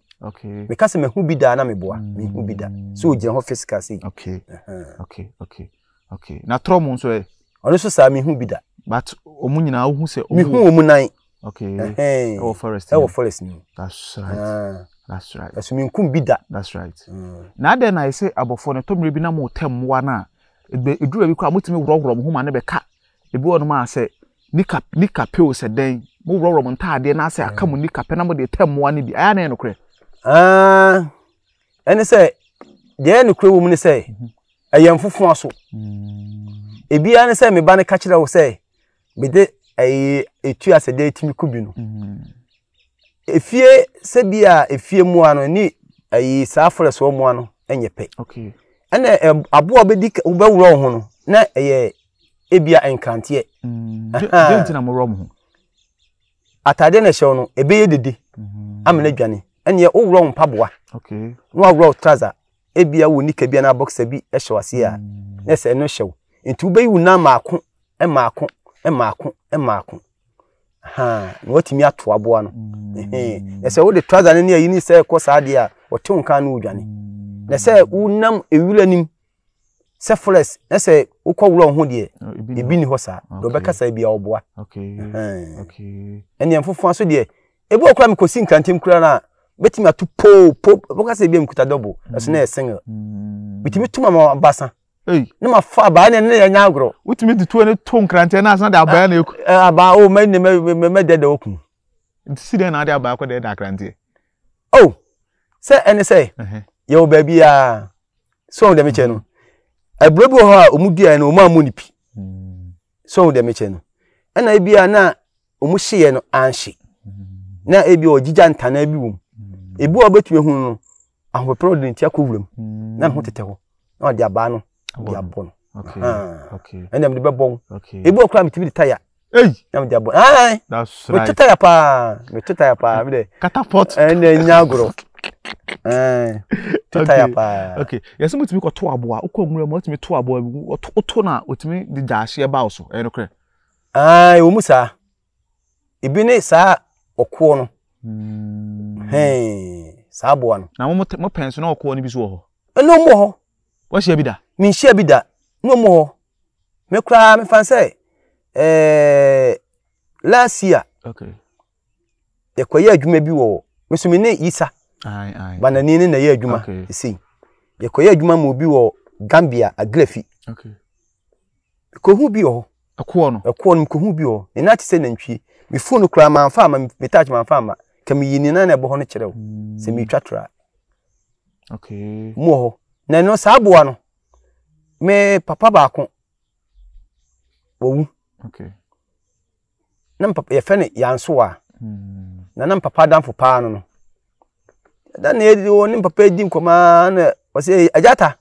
meka sɛ mahu bi daa na meboa mehu mm. bi da sɛ ɔgyina hɔ physical sei na trɔ mu nso ɛ ɔno nso saa mehu bi da but ɔmu nyinaa wohu sɛ mehu ɔmu nan ɛwɔ forest ɛwɔ forest ni that's right ah. that's right ɛso menkum bi da that's right na adɛn na ɛsɛ abɔfoɔ no tɔmmerɛ bi na mo tɛ mmoa no a ɛdura bi kɔ a motumi worɔworɔ mo ho ma ne bɛka ebi wɔ no mu a sɛ nika nika pew sɛ dɛn mo wurɔwurɔ mo ntaadeɛ na asɛ aka mo mm. nika pɛ na mo de tɛ mmoa no bi ayɛ anayɛ nokorɛ. Ah, ɛne sɛ deɛ nokorɛ wɔ mu ne sɛ mhm. ɛyɛ nfofoa so mm. ebiara ne sɛ meba no ka kyerɛ wo sɛ mede ɛyɛ etu asɛdeɛ etumi ku bi no mm. efie sɛbi a efie mua no ne ɛyɛ saa forest wɔ mua no ɛnyɛ pɛ ɛna aboa bɛdi wobɛwurɔ wo ho no na ɛyɛ ebia nkranteɛ. de ntina mo wura mo ho. ataadeɛ na ɛhyɛ no ebɛyɛ dede mm-hmm. ama na adwane ɛnneɛ wowura wo mpaboa na wawura wo trouser ebia wo nika bia na boxer bi ɛhyɛ wase a mm. na sɛ ɛno hyɛ wo nti wobɛyi wo nan maako maako maako maako na watumi ato aboa no ɛsɛ mm. wode trouser no ne ayi ne sɛ ɛkɔ saa deɛ a wɔte wo nka no wodwane na sɛ mm. wonam ewura nim sɛ forest na sɛ wokɔ wura ho deɛ ebi ni hɔ saa deɛ ɔbɛka saa bi a ɔboa ɛnneɛ mfofoa nso deɛ ebi wɔ mi kɔ si nkantam kura na bɛtumi ato poo poo boka sɛ ebi yɛ nkuta dɔbo ɛso na mm. yɛ single mm. bitumi tuma ma basa ne ma fa abaa ne ne yɛ nya agorɔ. wotumi di tuo ne to nkranteɛ na asan de abaa na eku. abaa o oh, mɛ ne mɛ mɛ dɛ dɛ okun. si dɛ na ade abaa kɔ dɛ dɛ akranteɛ. o oh, sɛ ɛni sɛ yɛ wɔ baabi a sɔɔ dɛm kyɛ no ɛbrɛ bi wɔ hɔ a ɔmu duaeɛ no ɔmu amu ne pi sɔn deɛ mekyɛ no ɛna ebi a na ɔmu hyeeɛ no anhye na ebi ɔgyegya ntana bi wɔm ebi a ɔbɛtumi hu no ahopɛpɛ ɔde ne ti akɔ wuram na ne ho tetɛ hɔ na ɔde abaa no ɔde abɔ no ah. ɛna mede bɛbɔ wo ebi wɔ koraa metumi de taya na mede abɔ ɛn meto taya paa meto taya paa mede catapult ɛna nya agorɔ ɛn titaya paa okay yɛsɛ mo tumi kɔ to aboa wokɔ nwura mu wotumi to aboa bi woto na otumi de gya ahyeɛ baa so ɛyɛ nokorɛ aa ɛwɔ mu saa ebi ne saa ɔkoɔ no hmm. hɛn saa aboa no na mo mo pɛn so na ɔkoɔ no bi so wɔ hɔ ɛna ɔmo wɔ hɔ wɔhyia bi da menhyia bi da na ɔmo wɔ hɔ me koraa mefa sɛ ɛɛ last year okay yɛkɔyɛ adwuma bi wɔ mesomi ne yisa banani ne na yɛ adwuma ɛsei yɛkɔyɛ adwuma ma obi wɔ gambia agrafi kohu bi wɔ hɔ ɛkoɔ no ɛkoɔ no kohu bi wɔ hɔ ne nan te sɛ nantwie me fon no koraa manfa ama me touch manfa ama ka meyi ne nan na ɛbɔ hɔ no kyerɛ wo hmm. sɛ meretwa tora mu wɔ na ɛno saa aboa no me papa baako wawu na yɛfɛ no yansowa hmm. na na mpapa adamfo paa no no da na yɛdi wɔ ne papa di nkɔmaa na ɔsɛ agyata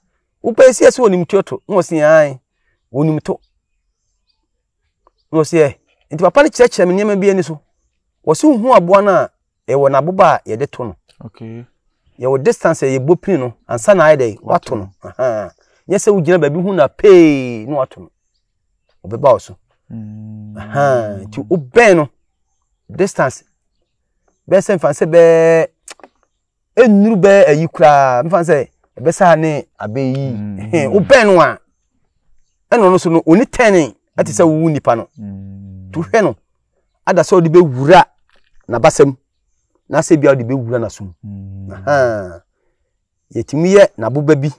wopɛ si ɛsɛ wɔnim tuo to na ɔsɛ ae wɔnim to na ɔsɛ nti papa no kyerɛkyerɛ me nneɛma bi ani so wɔsɛ wohu aboa no a ɛwɔ n'aboba a yɛde to no yɛwɔ distance a yɛbɔ pini no ansa na ayɛ dɛ wato no nyɛ sɛ wogyina baabi hu na pee na wato no ɔbɛba wo so mm. nti wobɛn no distance bɛɛ sɛ mfa sɛ bɛɛ ɛnuru bɛ ayi koraa mfa sɛ ɛbɛsa ne abɛ yi mm. wopɛn no a ɛna ɔno so no ɔni tɛne ɛte sɛ wowu nipa no nti mm. wohwɛ no ada sɛ ɔde bɛwura n'abasam na sɛ bia ɔde bɛwura n'asom mm. yɛtumi yɛ n'aboba bi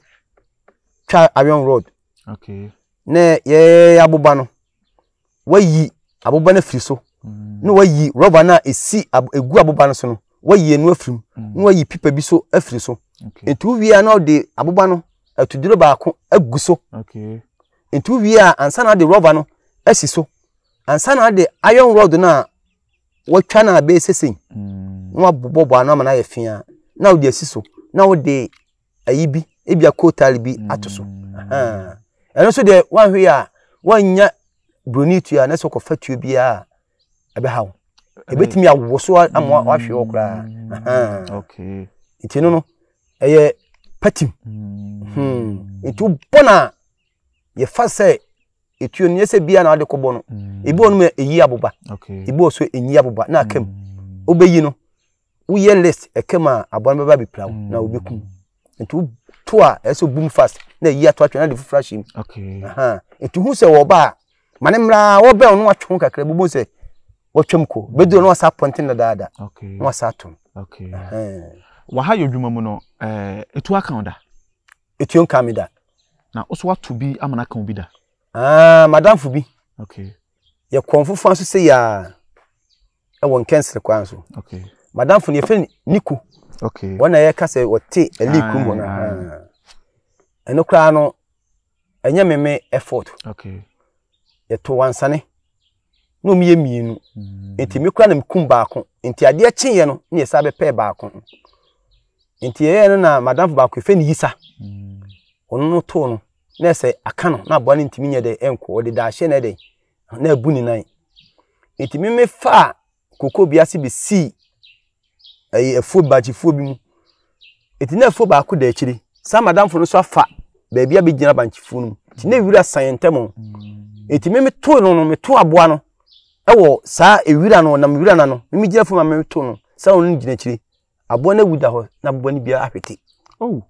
twa iron rod na yɛyɛ aboba no wayi aboba no afiri so na wayi rɔba no a ɛsi egu aboba no so no wɔyi enu afirim mm. na wɔyi pipa bi so afiri so nti wowie a na ɔde aboba no atuduro baako agu so nti wowie a ansa na ɔde rɔba no asi so ansa na ɔde iron rod no a wɔatwa no a mm. na wɔabobɔbɔ ano ama no ayɛ fia na ɔde asi so na ɔde ayi bi ebi a bi ato so mm. ɛno nso deɛ wɔahwɛ a wɔanya buroni tuo a na sɛ ɔkɔfa tuo biara ɛbɛha wo ebetumi awo so ama wahwe wɔ koraa mm. nti no no ɛyɛ patim hmm. mm. nti wobɔ no a yɛfa sɛ etuo no yɛsɛ bia na wɔde kɔbɔ no mm. ebi wɔ no mu eyi aboba ebi wɔ so enyi aboba na akam wobɛyi no woyɛ list ɛkam a aboa no bɛba bepira wo na wobɛkum nti woto a ɛsɛ bum fast na eyi ato atwene na de foforɔ ahyɛ mu nti hu sɛ wɔba a ma ne mmra wɔbɛn no atwe ho kakra bubu sɛ wɔtwam ko bɛduro na wɔsa pɔnten eh. eh, na daada na wɔsa atom waha yɛ adwuma mu no ɛtu aka da ɛtuo nka me da na wo so wato bi ama no aka wo bi da ah, madamfo bi yɛ kɔn fofoɔ nso sɛ yɛa ɛwɔ nkɛnsere kwan so madamfo no yɛfrɛ niku wɔna yɛka sɛ wɔte ali kurom hɔ eh. no ɛno koraa no ɛnyɛ meme effort yɛto wansane na ɔmo yɛ mmienu mm-hmm. nti kura na mi kum baako nti adeɛ kyeeɛ no na yɛ sa bɛpɛɛ baako nti yɛyɛ no na madam baako efe ne yisa mm-hmm. ɔno no too no na ɛsɛ aka no na aboa no ntumi de dɛ ɛnko ɔde da ahyɛ na ɛdɛ na ebu ne nan nti mi mi fa koko bi ase bi sii ɛyɛ efuo bakyifuo bi mu nti na efuo baako da akyire saa madamfo no nso afa beebi a bi gyina bakyifuo no mu nti na ewura san yɛn ntɛm o mm-hmm. nti mi mi too no no mi too aboa no ɛwɔ saa ewira no ɔnam ewira no no mimi gyina fam a meto no saa ɔno no gyina akyire aboa no awu da hɔ na aboa no biara ahwete oh.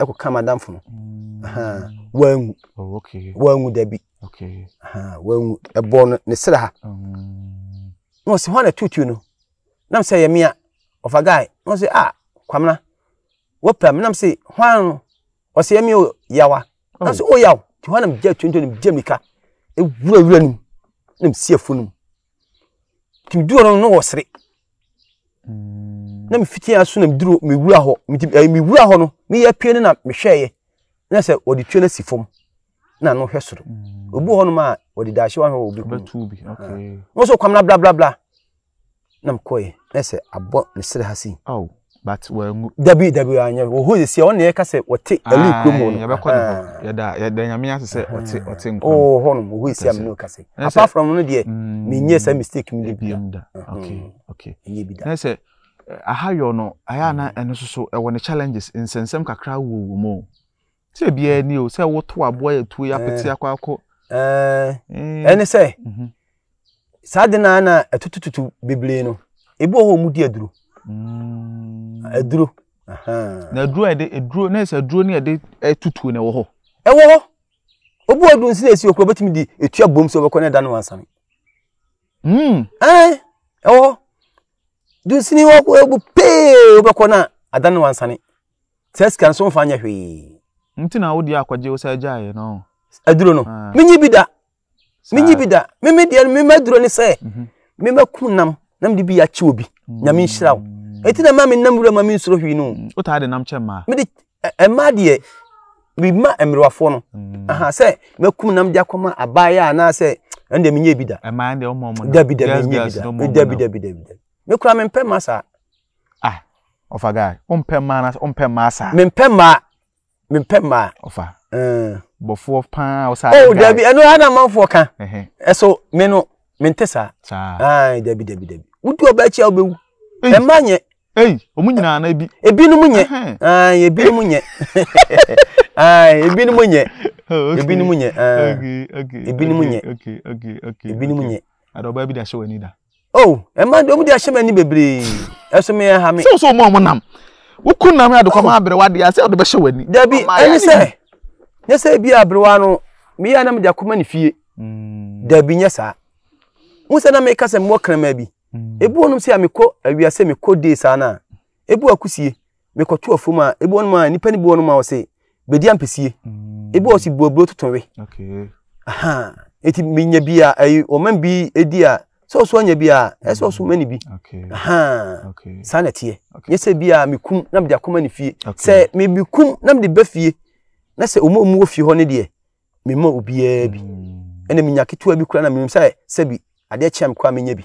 ɛkɔ ka madamfo no wangu mm. wangu oh, dabi wangu ɛbɔ no ne sra ha mm. na ɔsɛ hɔ na tuotuo no nam sɛ yɛme a ɔfa gae na ɔsɛ ah, a kwamena wapira me nam sɛ hwan no ɔsɛ yɛme o yawa na sɛ oh. o yaw nti hɔ na megya tuotuo no megya mirika ɛwurawura no mu na mesie afu no nti meduru no na wɔsere hmm. na mefiti aso na meduru mewura hɔ eh, mewura hɔ no ne yɛpie no na mehwɛeɛ na sɛ wɔde tue no si fam na no hwɛ soro hmm. obi hɔ nom a wɔde daahye wahwɛ wɔ obi kum mo so kwam na blablabla na mekɔɛ na sɛ abɔ ne sere ha sei but wɔn. dabi dabi wa nyɛ wɔ hɔ yɛ si ɔn na yɛ kasa wɔte ɛlu kurom wɔ no. yɛbɛkɔ ne hɔ yɛda yɛda nyame ase sɛ ɔte ɔte nkɔm. ɔwɔ hɔ nom wɔ hɔ yɛ si amina kasa apart from no deɛ mi nyɛ sɛ mistake mi de bi da okay okay nyɛ bi da. n'asɛ ahayɔ no ayɛ ana ɛno eh, soso ɛwɔ eh, ne challenges nsɛnsɛm kakra wɔ wɔ mu sɛ biara ni o sɛ woto aboa yɛ tuo yɛ apete akɔ akɔ. ɛne Eh. saa de naa na ɛtutututu eh, bebree no ebi wɔ hɔ a wɔn mu di aduro. Mm aduro na aduro a yɛde aduro na yɛsɛ aduro ne yɛde tutu na ɛwɔ hɔ ɛwɔ hɔ obi wɔ dunsi esi okuro betumi di etua bom so ɔbɛkɔ ne da no wansane hmm. ɛn ɛwɔ hɔ dunsi ni wɔ ebu pee ɔbɛkɔ na ada no wansane sɛ sika nso nfa nyɛ hwee. nti na awodi akɔgye wosan agya yɛ no. aduro no ah. minyi bi da minyi bi da mimi deɛ mimi aduro ne sɛ mimi kun nam nam de bi akyi obi hmm. nyame nhyira wo ɛti na maa mi nam wura ma mi nsoro hwii no. o taa de nam kyɛn maa. mi de mmaa deɛ bi ma mmiriwafoɔ no mm. sɛ mɛkum nam de akɔma abaayewa anaasɛ ɛn deɛ mi nye bi da. mmaa deɛ ɔmo ɔmo na dabi dabi nye bi da dabi dabi dabi dabi mi kura mi mpɛ maa saa. ah ɔfa guy o mpɛ maa na o mpɛ maa saa. mi mpɛ maa mi mpɛ maa. ɔfa bɔfoɔ paa ɔsaa oh, guy. o dabi ɛnu ɛna amanfoɔ kan ɛso mi no mi n tɛ saa. saa dabi dabi dabi wutu ɔbɛ akyi a ɔbɛwu ɛmaa nyɛ. Ei, omu nyinaa na ebi. Ebi no mu nye. Ah, ebi no mu nye. Ah, ebi no mu nye. Ebi no mu nye. Okay, okay. Ebi no mu nye. Okay, okay, okay. Ebi no mu nye. ba bi da hye wani da. Oh, e ma omu da hye mani bebree. Eso me ha me. So so mo mo nam. Wo kun nam ya de kwama oh. abere wade ya se o do be hye wani. Da bi, ani se. Nye se bi abere wa no, me ya na me da kwama ne fie. Mm. Da bi nye saa. Wo se na me ka mo kran bi. Mm. ebi wɔnom sɛ a mekɔ awiase mekɔ dee saa no a ebi akusie mekɔto afom a ebi wɔnom a nipa ne bi wɔnom a wɔse bedi ampesie ebi wɔ se buaburo totowe eti menya bi a ɛyi ɔman bi edi a sɛ ɔso anya bi a ɛsɛ ɔso mm. ma ne bi saa na ɛteɛ nyɛ sɛ bi a mekum na mede akɔma ne fie me mebikum na mede ba fie na sɛ ɔma ɔmu wɔ fie hɔ ne deɛ mema obiaa bi mm. ɛna menya ketewa bi kora na menim sɛ sɛ bi adeɛ kyea me koraa menya bi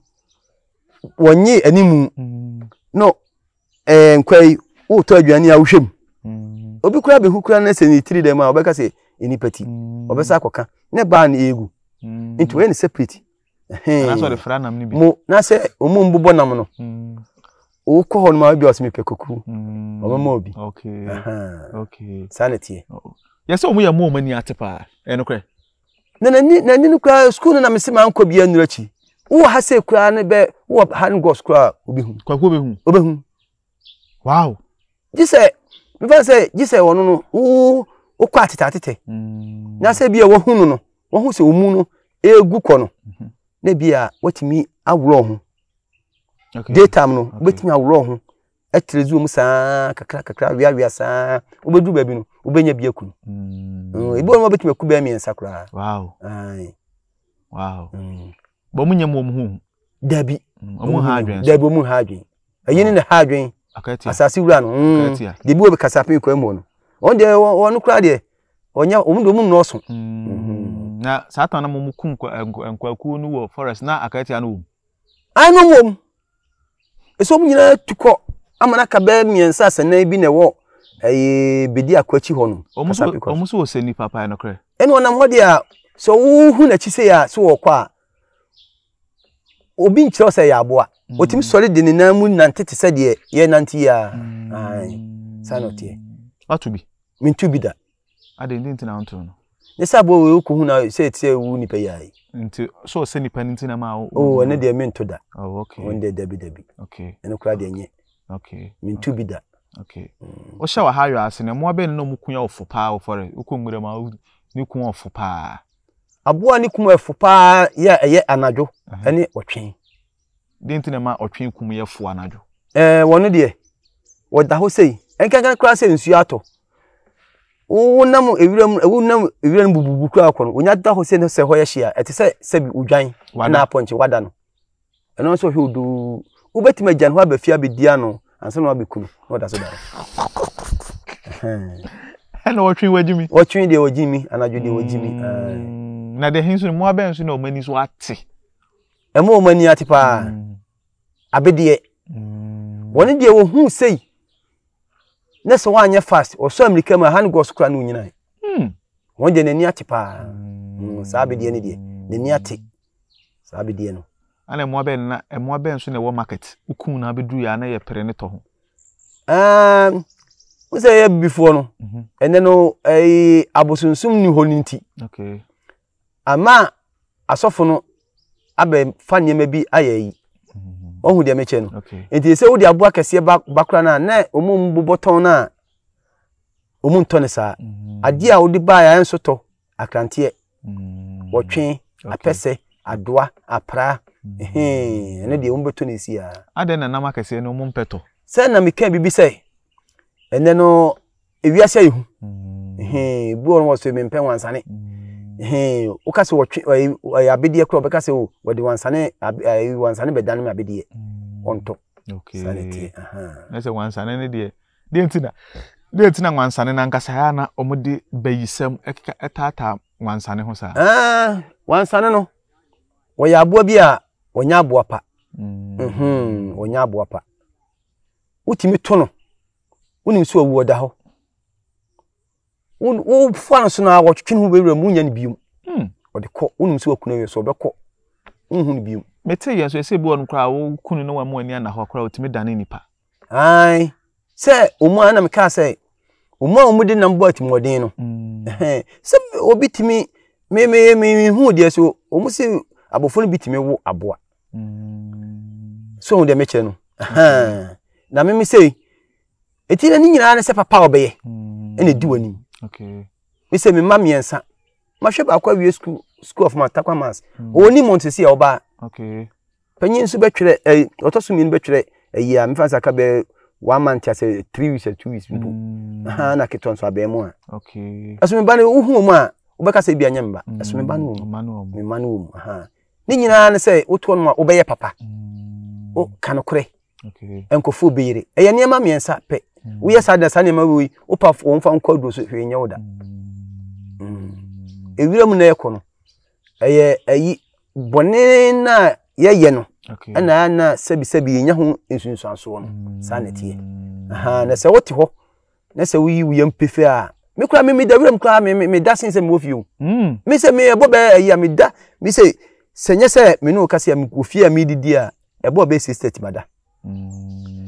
wɔnye animu mm. no ɛɛ eh, nkwa yi wotɔ aduane a wohwɛ mu mm. obi kura bɛhu kura no sɛ ne tiri dɛm a wɔbɛka sɛ enipa ti wɔbɛsa mm. akɔka ne baa ne egu nti wɔyɛ ne separate mo na sɛ ɔmo mbobɔ nam no wokɔ hɔ nom a wobi a ɔsɛ mepɛ kokuru ɔbɛma obi saa ne teɛ oh. yɛsɛ ɔmo yɛ mo ɔmo ani ate paa ɛnokorɛ na n'ani n'ani no kura sukuu no na mesi maa nkɔ bia nnuro akyi wowɔ ha sɛ koraa ne bɛ wowɔ ha ne gɔs koraa wobɛhu kwaku wobɛhu wobɛhu wow gye sɛ mefa sɛ gye sɛ wɔno no wo wokɔ atetatete na sɛ bia wɔhu no no wɔhu sɛ ɔmu no ɛgu kɔ no na bia watumi aworɔ ho daytime no wobɛtumi aworɔ ho ɛtere zuo mu saa kakra kakra wiawia saa wobɛduru baabi no wobɛnya bi aku no hmm. ebi hmm, wɔ no wobɛtumi aku bɛɛ mmiɛnsa koraa wow wow hmm bɔn mu nyɛ mu wɔn ho. dabi ɔmu ha adwen dabi ɔmu ha adwen ɛyi ne na ha adwen asase wura no debi wɔ kasa pe kwan mu no wɔn deɛ wɔn kura deɛ ɔnya ɔmu deɛ ɔmu nnɔɔso. Mm. Mm-hmm. na saa tan na mo mu kum nkwakuo eh, no wɔ forest na akatia ah, no wɔ mu. ano wɔ mu eso nyinaa tu kɔ amana ka bɛɛ mmiɛnsa asanan bi na ɛwɔ ɛyɛ bedi akwakyi hɔ no. ɔmu so ɔmu so wɔ sɛ nipa paa no korɛ. ɛna ɔnam hɔ deɛ a sɛ wɔn hu n'akyi sɛ yɛ a so wɔ kɔ a obi nkyerɛ sɛ yɛ aboa ɔtumi mm. sɔre de ne nan mu nante te sɛ deɛ yɛ nante yi a mm. saa na ɔteɛ wato bi mentu bi da ade ndi ntina wonto no ne sɛ aboa wei wokɔhu na sɛ ɛte sɛ wu nnipa yi ae nti sɛ ɔsɛ nnipa no ntina ma o ɛne deɛ mento da oh, ɔne deɛ dabi dabi ɛno koraa deɛ nyɛ mentu bi da ɔhyɛ mm. wɔ ha yɛ ase no mmoa bɛne na ɔmukunya ɔfo paa wɔfɔre wokɔ mmerɛ ma ne ku ɔfo paa aboa ne kum ɛfo paa yɛ ɛyɛ anadwo ɛne ɔtwen. den ti na ma ɔtwen kum yɛ fo anadwo. ɛɛ wɔn deɛ wɔda hɔ sɛ yi nkankan koraa sɛ nsuo atɔ wonam ewira mu wonam ewira mu bububu koraa kɔ no wonya da hɔ sɛ ne sɛ hɔ yɛ hyia ɛte sɛ sɛbi odwan na apɔnkye wada no ɛno nso hwɛ odoo wobɛtumi agya ne ho aba fie abɛdi ano ansa na wabɛku no na ɔda so da ɛna wɔtwen wɔgyi mi. wɔtwen deɛ wɔgyi mi anadwo deɛ wɔgyi mi na deɛ hin so no mmoa bɛn so na ɔmo ani so ate. ɛmo ɔmo ani ate paa abedeɛ wɔn deɛ wɔhu sei na sɛ wɔanyɛ fast ɔsɔ amirika mu a hand gos kura no nyinaa hmm. wɔn deɛ n'ani ate paa saa abedeɛ no deɛ n'ani ate saa abedeɛ no. ana mmoa bɛn na mmoa bɛn so na ɛwɔ market ukum na abedu yɛ ana yɛ pere ne tɔ ho. Um, wosɛ yɛ bibifoɔ no ɛnɛ no abosonsom ni hɔ no nti ama asɔfo no abɛfa nneɛma bi ayɛ yi mhm. ɔhu deɛ mekyɛ no nti sɛ wode aboa kɛseɛ ba kora no a na ɔmu mbobɔ tɔn no a ɔmu ntɔ no saa mhm. adeɛ a wode baeɛ nso tɔ akranteɛ mhm. wɔtwe apɛsɛ adoa apraa ɛno deɛ ɔmu bɛtɔ si ɛsiaa adɛn na nam akɛseɛ no ɔmu mpɛtɔ sɛ na meka biribi sɛ ɛnɛ no ewiase ayi hu bi wɔ no wɔ so mempɛ wansane mm -hmm o woka sɛ o abedeɛ korɔ wobɛka o wɔde wansane eh, wansane bɛdane mu abedeɛ ɔntɔ sɛ wansane no deɛ deɛ nti na deɛ nti na wansane no ankasa aa na ɔmode bayisɛm ɛtaataa wansane ho saa wansane no wɔyɛ aboa bi a wɔnyɛ aboa pa mm. mhm, wɔnyɛ aboa pa wotumi to no wonim sɛ ɔwu ɔda hɔ wofoa no so noa wɔtwetwe no ho bɛwura mu wonya no biom ɔde kɔ wonim sɛ wakuna wie so ɔbɛkɔ wohu no biom metee yɛ so ɛsɛ bi wɔ no koraa wokunu no wama ani ana hɔ koraa wotumi dane nnipa ae sɛ ɔmu a na mekaa sɛ ɔmu a ɔmude nam bɔ atimɔden no sɛ obi tumi mehu deɛ so ɔmu sɛ abɔfo no bi tumi wo aboa hmm. so hu deɛ mekyerɛ no na meme sei ɛti na ne nyinaa ne sɛ papa a ɔbɛyɛ hmm. ɛna ɛdi w'anim okay me say me ma miensa ma hwe ba kwa wie school school of matakwa mans mm. oni montesi e oba okay panyin so betwere eh otoso mi ni betwere eh ya me fa saka be one month ase 3 weeks or 2 weeks mpo hmm. ha na keton so abemu a okay aso me ba ne uhu mu a obeka se bia nya mba hmm. aso me ba ne mu me ma ne ha ne nyinaa ne sɛ wotoɔ no a wobɛyɛ papa hmm. wo ka no korɛ nkɔfoɔ beyere ɛyɛ nneɛma mmiɛnsa pe. Mm. woyɛ saa da saa nneɛma wei wopa wɔn fa nkɔ aduro so hwee nyɛ wo da mm. Mm. ewira mu na ɛkɔ no ɛyɛ ɛyi bɔne na yɛyɛ no ɛna na sɛbisɛbi yɛnya ho nsunsuansoɔ no saa na ɛteɛ na sɛ wote hɔ na sɛ woyi wo yam pefe a me kura me da wiram kura me me da sin sɛ mo fie o me sɛ me ɛbɔ bɛɛ ɛyi a me da me sɛ sɛ nyɛ sɛ me no a me kɔ fie a me didi a ɛbɔ bɛɛ six thirty ma da.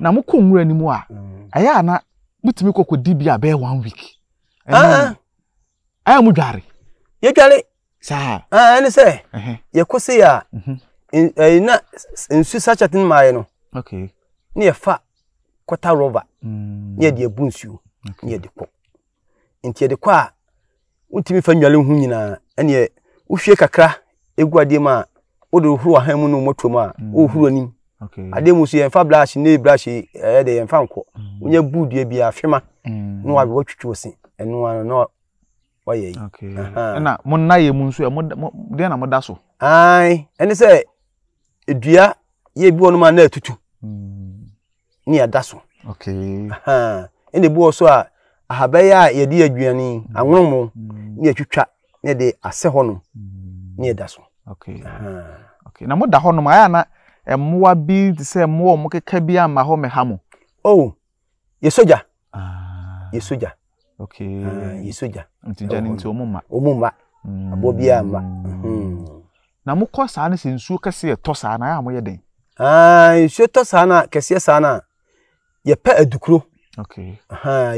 na mo kɔ nwura ni mu a mm. ɛyɛ ana mutumi kɔ di bi a one week ah, ɛnna ah. ɛyɛ mo dware. yɛ dware. saa ah, ɛn sɛ yɛ kɔ se a ɛyɛ mhm. eh, na nsu sachet ni maa yɛ no ni yɛ fa kɔta rɔba mm. ne yɛ de ebu nsuo ne yɛ de kɔ nti yɛ de kɔ a wotumi fa nnwale ho nyinaa ɛne yɛ wohwie kakra egu adeɛ mu a wode hohoro ahan mu na wɔmɔtoa mu a mm. wohohoro anim ade mu so yɛmfa brush ne brush ɛyɛ de yɛmfa nkɔ mm. wonyɛ buu dua bi afema mm. na wawe wɔtwitwi wo se ɛno ano na wɔyɛ yi ɛna mo nna yɛ mu nso ɛ deɛ na moda so ae ɛne sɛ dua yɛ bi wɔnom a na atutu mm. ne yɛda so ɛna ebi wɔ so a ahabɛyɛ a yɛde aduane awonomo ne yɛtwitwa ne yɛde asɛ hɔnom ne yɛda so na mo da hɔnom ayɛ ana mmoa bi te sɛ mmoa ɔmo keka bi ama hɔ mɛha mo. o oh, yɛ sogya ah. yɛ sogya yɛ ah, sogya nti gya ne nti ɔmo mma ɔmo mma mm. aboɔ biara mma. Hmm. na mo kɔ saa no sɛ nsuo kɛseɛ tɔ saa na ayɛ a mo yɛ den. Ah, nsuo tɔ saa na kɛseɛ saa na yɛpɛ adukuro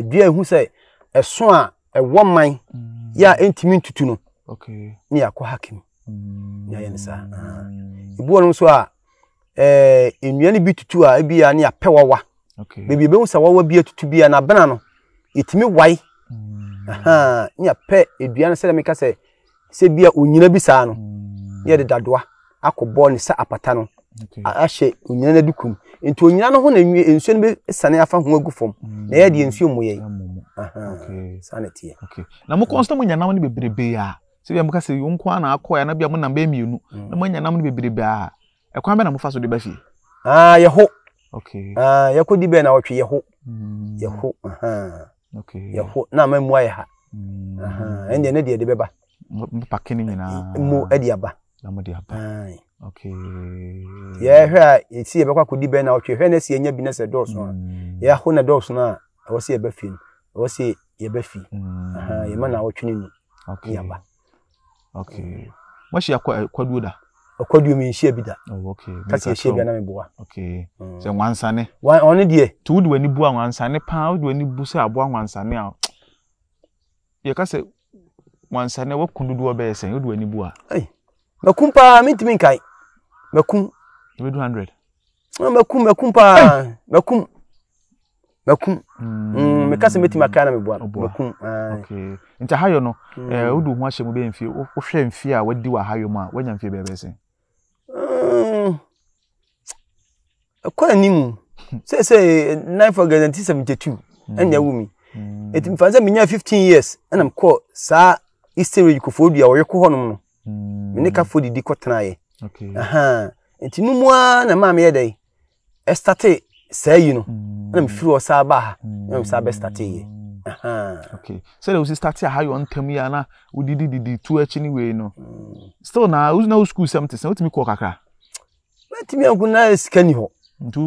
dua ehu sɛ ɛso a ɛwɔ man mm. yɛ a ntumi ntutu no ne yɛakɔ hakim mm. ne yɛayɛ no saa ebi wɔ nso a ɛɛ eh, nnua no bi tutu a ebi a ne apɛ wawa beebi ebi sɛ wawa bi atutu bi a na abena no etumi wae mm. ne apɛ edua no sɛ ɛmi kasɛ sɛ bi a onyina bi saa no ne mm. yɛ de dadoa akɔ bɔɔl ne sa apata no ahyɛ onyina no adukum nti onyina no ho na nsuo no bɛ sane afa ho agu fam na mm. yɛ deɛ nsuo mu yɛ saa na teɛ na mu kɔnso na mo nya nam no bebrebe a sɛ bi a mo kasɛ yɔn nko ara na akɔ ya na bi a mo nam bɛ mmienu na mo nya nam no bebrebe a ɛkwan bɛ na mofa so de ba fie ah yɛ ho okay ah yɛ kɔ di bɛ na wɔtwe hmm. yɛ ho yɛ ho okay yɛ ho na ama mu ayɛ ha hmm. aha ɛnde ne deɛ de bɛba mpake ne nyinaa e, mu ɛde aba na de aba okay yɛhwɛ a yɛsi yɛbɛkɔ akɔdi bɛ na wɔtwe hwɛ na si yɛnya bi na sɛ dɔɔso a hmm. yɛ ho na dɔɔso no a ɛwɔ sɛ yɛbɛ fie no ɛwɔ sɛ yɛbɛ fie aha yɛma na wɔtwe ne nu okay yɛaba okay wɔhyɛ akɔ da ɔkɔduom nhyia bi da oh, kasi ɛhyia bi anam eboa mm. sɛ nwansane ɔne deɛ nti wode w'ani bu a nwansane paa wode w'ani bu sɛ aboa nwansane a yɛka sɛ nwansane a waku dodoɔ bɛyɛ sɛn wode w'ani bu a makum paa mentumi nkae makum do hundred? Ah, makum makum paa makum makum mm, mm. meka sɛ mɛtumi akra na meboa makum nti ahayɔ no eh, wode wo ho ahyɛ mu bɛyɛ mfie wohwɛ mfie a wadi wɔ ahayɔ mu a nfi mfie bɛɛbɛɛ sɛn ɛkɔ anim seesei nine for gɛdɛ nti seventy two ɛna hmm. ɛwɔ mi hmm. eti nfa sɛ minya fifteen years ɛna mkɔ saa easter egg kofoɔ dua ɔyɛ kɔ hɔnom no mene kafo didi kɔ tena yɛ nti no mu ara na maame yɛ dɛ ɛstate saa yi no ɛna hmm. mfiri hɔ saa ba ha ɛna saa bɛ state yɛ. Okay. So there was a start here how you on tell me ana we did did two actually way no. Still na who's now school 70 so what me call kakra bɛtumi anku na sika ni hɔ nti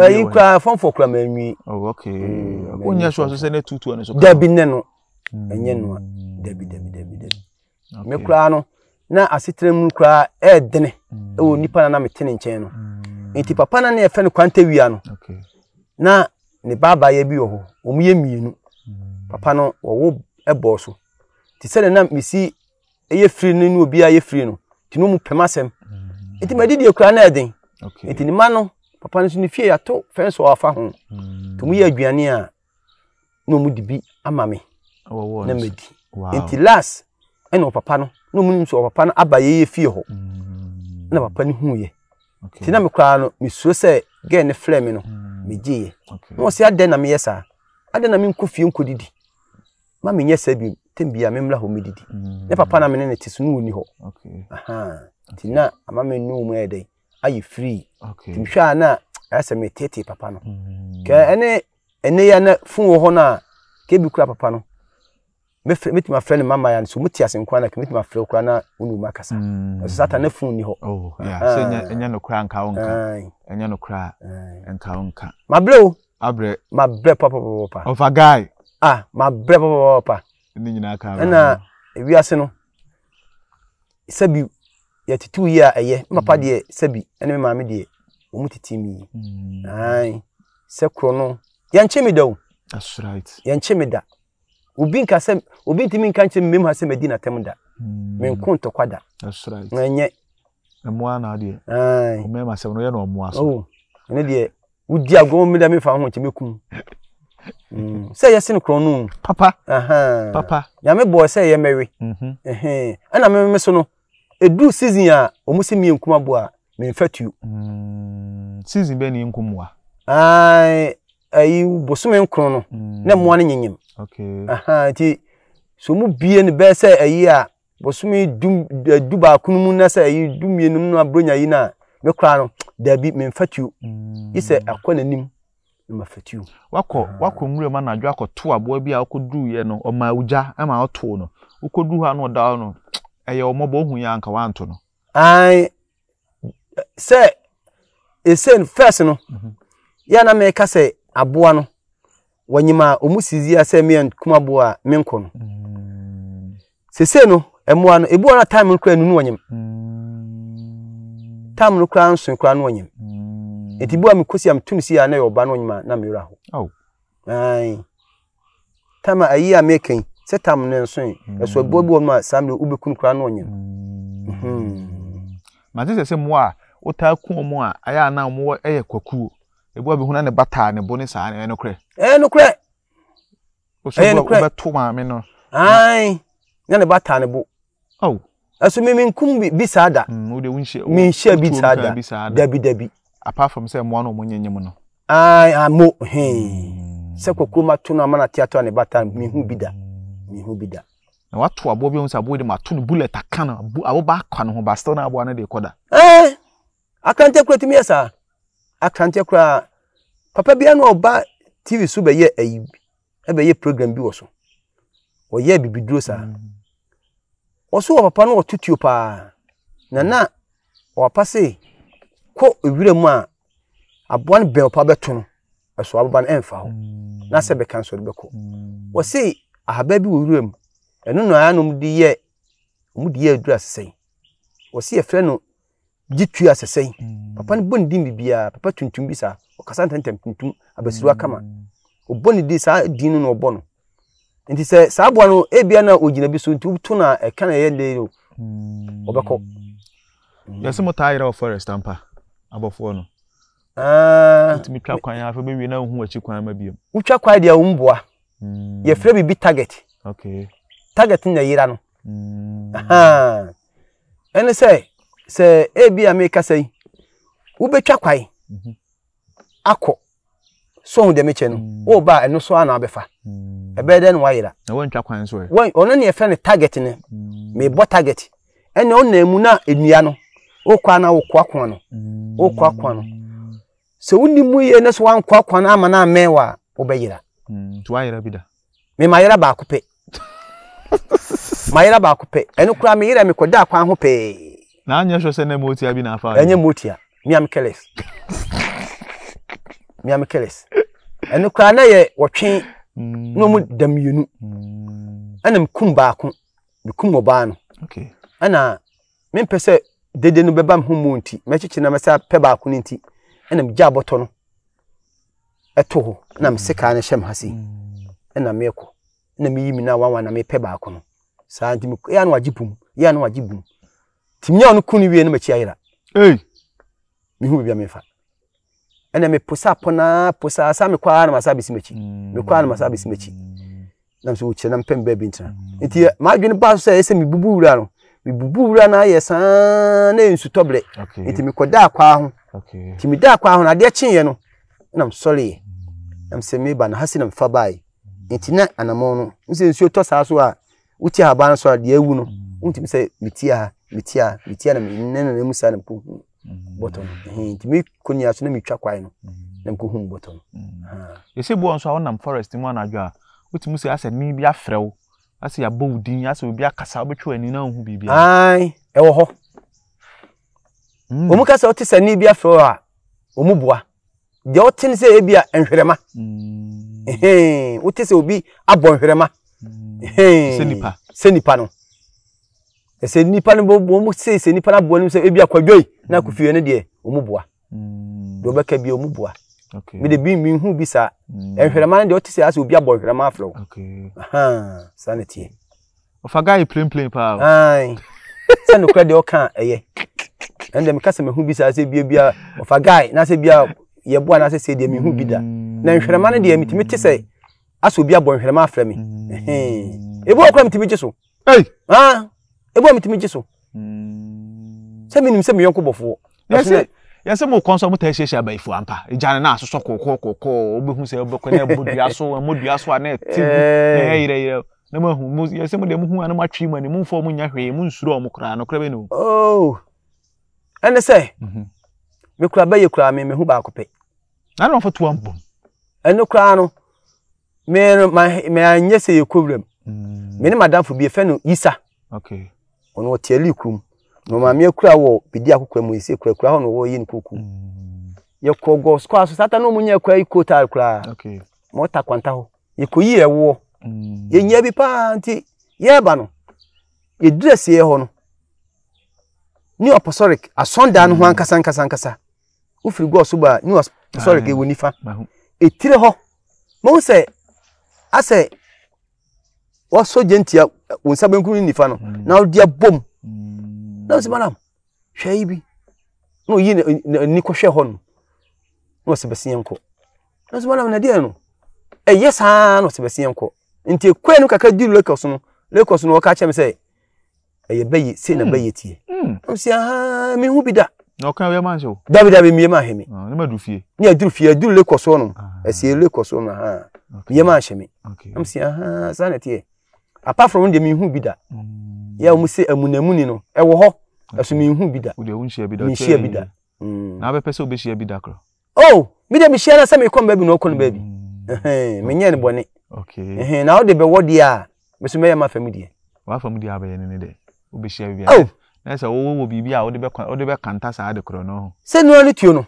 ayi kura fɔn fɔ kura mɛ nwi. o nyɛ sɔ sɛ ne tutu ɛni so. dabi ne no mm. ɛnyɛ nua dabi dabi dabi dabi mɛ kura no na asetena mu kura ɛyɛ dene mm. ɛwɔ nipa na mɛ te ne nkyɛn no mm. nti papa na ne yɛ fɛ no kwantawia no na ne baabaayɛ bi wɔ hɔ wɔn yɛ mmienu papa no wɔwɔ ɛbɔɔ so te sɛ ne nam misi ɛyɛ firi no ne obi a yɛ firi no te no mu pɛm asɛm nti ma didi ekura na ɛden nti ne ma no papa no so ne fie yato fɛn so afa ho to mu yɛ aduane a na ɔmu di bi ama me na ma di nti last ɛna ɔpapa no na ɔmu nim so ɔpapa no aba yɛyɛ fie hɔ hmm. na papa no hu yɛ nti na me koraa no mesuo sɛ gɛɛ ne frɛ me no hmm. megye yɛ na ɔsi adɛn na meyɛ saa adɛn na menkɔ fie nkɔdidi ma menyɛ saa bio tem bia memla hɔ medidi mm. ne papa na mene ne te so no woni hɔ nti na ama me no mu ɛdɛn ayɛ free nti mehwɛ a na ɛyɛ sɛ metetee papa no mm. kɛ ɛne ɛne yɛ na fon wɔ hɔ no a kɛbi kura papa no mɛtumi afrɛ ne mama ya no so mote ase nkora na mɛtumi afrɛ kora na wone mu akasa mm. ɛso sata ne fon ni hɔ oh, ah. ɛnyɛ nokora nka wo nka ɛnyɛ nokora nka wo nka mabrɛ o mabrɛ mabrɛ papapapa ɔfa guy ah papa papa ne nyinaa ka ɛna ewiase no sɛbi yɛtetew yi a ɛyɛ papa mm. deɛ sɛbi ɛne maame deɛ wɔn tete mi yi mm. ayi sɛ koro no yɛnkyɛ mi da o yɛnkyɛ mi da obi nka sɛ obi ntumi nka nkyɛn mmemu ha sɛ mɛ di na tɛm da mɛ mm. nko ntɔkwa da na nyɛ mmoa na adeɛ ayi ɔmɛɛma sɛm no yɛ na ɔmmoa so oh, ɛne deɛ wodi agorɔ mi da mi fa ho nkyɛn mi kum. Mm. sɛ yɛse no korɔ no papa papa nyame bɔɔ sɛ yɛ mɛwe ɛna meme so no ɛduru season a ɔmu sɛ miyɛ nkum aboa a memfa tuo season bɛ mm. ne nkum wa ayi bosome nkron no na mmoa no nyenyem nti so mu bie no bɛɛ sɛ ayi a bosome eh, du baako no mu na sɛ ayi du mmienu no aburonya mm. yi no a me koraa no daabi memfa tuo yi sɛ akɔ n'anim na ma fati o. wakɔ wakɔ nwura mu anadwo akɔto aboa bi a ɔkɔduru yɛ no ɔma ogya ɛma ɔto no ɔkɔduru ha no ɔda no ɛyɛ ɔmɔbɔ ohun yɛ anka wanto no. ayi sɛ esen fɛs no mhm. yɛn na mɛka sɛ aboa no wɔnyima ɔmu sisi asɛ miɛ kuma aboa minkɔ no mm. sese no ɛmoa no ebu wɔn a taam no kura nunu wɔnyim taam mm. no kura nson kura no wɔnyim. Mm nti bu a mekosi e. mm. a meto no mm. mhm. si a na yɛ ɔba no ɔnyima na mewerɛ ho tam a ayi a meka sɛ tam ne nso ɛso aboa bi wɔ no a saa mmerɛ wobɛkunu koraa na ɔnyina mate sɛ sɛ mmoa a wotaa ku ɔmo a ayɛ a na ɔmowɔ yɛ kwakuo ɛboa bɛhu na ne bataa ne bo ne saa ɛyɛ e nokorɛ ɛyɛ e nokorɛ ɛyɛ nokorɛ wobɛto maame no na ne bataa ne bo ɛso memenkum bi saa da mm, menhyia bi saa da dabi dabi apart from sɛ mmoa no ɔmo nyenye mu no. aa mo hɛn hmm. sɛ kɔkɔɔ ma to no ama na te ato ne ba mihu bi da mihu bi da. na wato aboɔ bi sɛ aboɔ de ma ato no bullet aka no abo ba akwa no ho ba still na aboɔ no de kɔ da. ɛɛ eh, akrante kura tumi yɛ saa akrante kura papa bi anu ɔba tv so bɛyɛ ayi ɛbɛyɛ program bi wɔ so ɔyɛ bibiduro saa hmm. ɔso wɔ papa no wɔ tutuo paa na na ɔwɔ apa kɔ ewira mu a aboa no bɛn ɔpa bɛto no ɛso aboba no ɛnfa hɔ na sɛ bɛka nso de bɛkɔ wɔsi ahaba bi wɔ wura mu ɛno na anom de yɛ ɔmo de yɛ adura sɛn wɔsi yɛfrɛ no gye tu asɛsɛn papa no bɔ ne din bibiara papa tuntum bi saa ɔkasa ntɛntɛm tuntum abasiriwa kama ɔbɔ ne din saa din no na ɔbɔ no nti sɛ saa aboa no ebia na ogyina bi so nti wotu na ɛka na ɛyɛ lee ɔbɛkɔ. yɛsɛ mo taa yɛrɛ wɔ forest ampa abɔfoɔ no ah. wotumi twa kwan a afei bɛwie na wohu akyi kwan ma biom wotwa kwan deɛ wo mboa hmm. yɛfrɛ biribi target okay. target na yira no hmm. ɛne sɛ sɛ ebi a mekasa yi wobɛtwa kwan mhm. akɔ so hu deɛ mekyɛ no hmm. woba ɛno so ana abɛfa ɛbɛyɛ dɛ no wayera ɔno ne yɛfrɛ no target no mebɔ target ɛne wo na mu na nnua no okɔ ana okoakoa no mm. okoakoa no sɛ wonim mu yie ne so wankoakoa no ama no amɛn wɔ a wobɛyera mm. nti wayera bi da memayera baako pɛ mayera baako pɛ ɛno koraa meyera mekɔda kwan ho pɛɛ na anyɛ hwɛ sɛ na motia bi naafa ɛnyɛ motia miam keles miam keles ɛno koraa na yɛ wɔtwe mm. na ɔmu da mmienu ɛna mekum baako mekum ɔbaa no ɛna mempɛ sɛ dede no bɛba ho mu nti mɛkyekye na mɛsɛ pɛ baako no nti ɛna megya abɔtɔ no ɛto hɔ na mese kaa no hyɛ m ha sei mm. ɛna meɛkɔ na meyi mi no wawa na mepɛ baako no saa nti yɛ no wagye bum yɛ no wagye bum nti menya ɔno ko no wie no makyi ayera mehu bibia mefa ɛna meposa pɔnaa posa saa mekɔ ara na masa bɛsi makyi mekɔ ara na masa bɛsi makyi nam mm. sɛ wɔkyerɛ na mpɛ mbɛ bi ntena mm. nti eh, maadwene ba so sɛ ɛsɛ mebubu wura no mebubu wura no ayɛ saa na nsu tɔberɛ nti mekɔdaa kwaa ho nti medaa kwaa ho no adeɛ kyeeɛ no nam sɔreɛ nam sɛ meba no ha se na mefa baeɛ nti na anammɔn no nsɛ nsuo tɔ saa so a wotia haba no so a deɛ awu no wontumi sɛ metia ha metia ha metia na menenana mu saa na mkɔhu bɔtɔ no mm. nti mekɔ nyia so na metwa kwae no mm. na mkɔhu bɔtɔ no mm. ɛsɛ bua nso a wonam forest mu anadwo a wotumi sɛ asɛ ne bi afrɛ Ase yɛabɔ wo din asɛ obi akasa wobɛtwe w'ani na wohu biribia ae ɛwɔ hɔ hmm. ɔmu ka sɛ wote sɛ ne bi afrɛ a ɔmu boa deɛ wote no sɛ ɛbi a nhwerɛma hmm. wote sɛ obi abɔ nhwerɛma hmm. sɛ nipa no ɛsɛ nipa no ɔmu sei sɛ nipa no aboa no sɛ ɛbi akwadwoi na akofie no deɛ ɔmu boa deɛ wobɛka bia ɔmu boa mede bi mi hu bi saa nhwerɛma mm. no deɛ ɔte sɛ asɛ obi abɔ hwerɛma afrɛ wo saa ne tie ɔfa ga yɛ plenplen paa sɛ nokora deɛ ɔka ɛyɛ ɛno deɛ meka sɛ mahu bi saa sɛ biabia ɔfa gae na sɛ bia yɛboa na sɛ sɛ deɛ mehu bi da na nhwerɛma mm. no deɛ metumi te sɛ asɛ obi abɔ nhwerɛma afrɛ me ɛbi wɔ kora metumi gye so ɛbi wɔ ah! metumi gye so mm. sɛ menim sɛ meyɔnko bɔfoɔ yɛsɛ mo kɔn so mo ta ahyiahyia abayifo ampa gya ne na asosɔ kɔkɔɔ kɔkɔɔ wobɛhu sɛ wobɛkɔ na ɛbɔ dua so ɛmmɔ dua so a na ɛte bi na ɛyerɛyerɛ na mahu mo yɛsɛ mo deɛ mohu a na moatwe mu ani momfa mo nya hwee monsuro ɔmo koraa no koraa bɛ ne mu oh ɛne sɛ mhm. me kura bɛyɛ kura me mehu baako pɛ na na ɔfa to ambom ɛno koraa no me me anyɛ sɛ yɛkɔ wuram mm. me ne madamfo bi yɛfɛ no yisa okay ɔno ɔte ali kurom na maame akura wɔ bedi akokora mu esi akura kura hɔ na wɔyɛ ne kuku mm. yɛkɔ gɔs kɔ aso sata na ɔmo kwa akura yi kootaal koraa ma ɔta kwanta hɔ yɛkɔ yi ɛwoɔ mm. yɛnyɛ bi paa nti yɛɛba no yɛdura sie hɔ no ne ɔpɔsɔrik asɔndan no ho mm. ankasa ankasa ankasa wofiri gɔs ba ne ɔpɔsɔrik ɛwɔ nifa etire hɔ mo sɛ asɛ wɔsɔ gyentia wɔn nsa benkum ne nifa no na ɔde abom na se madam hwɛ yi bi na oyi n'ani kɔhwɛ hɔ no na ɔsi bɛsi yɛn kɔ na ɔsi madam na deɛ no ɛyɛ saa na ɔsi bɛsi yɛn kɔ nti ekwe no kakra di lakers no lakers no ɔka kyɛn se sɛ ɛyɛ eh, bɛyɛ sei na hmm. bɛyɛ tie na hmm. ɔsi ahaa me hu bi da. na ɔka wia maa n se o. dabi dabi mi yɛ me hɛ ah, mi. ne ma du fie. ne yɛ duru fie duru lakers hɔ nom ɛsi lakers hɔ nom ahaa mi yɛ maa hɛ mi na ɔsi apart from deɛ me hu bi da. Hmm yɛ a wɔn sɛ amunamuni no ɛwɔ hɔ ɛso mi nhu bi da mi nhyia bi da. na abɛpɛ sɛ obɛhyia bi da korɔ. o mi de mi hyia na sɛ mi kɔn baabi na ɔkɔn baabi mi nyɛ ne bɔne na ɔde bɛwɔ deɛ a mi so mɛyɛ ma fam deɛ. wafa mu deɛ abɛyɛ ne ne dɛ obɛhyia bi bi na sɛ wɔwɔ biribi a wɔde bɛ kanta saa de korɔ no. sɛ nua ne tuo no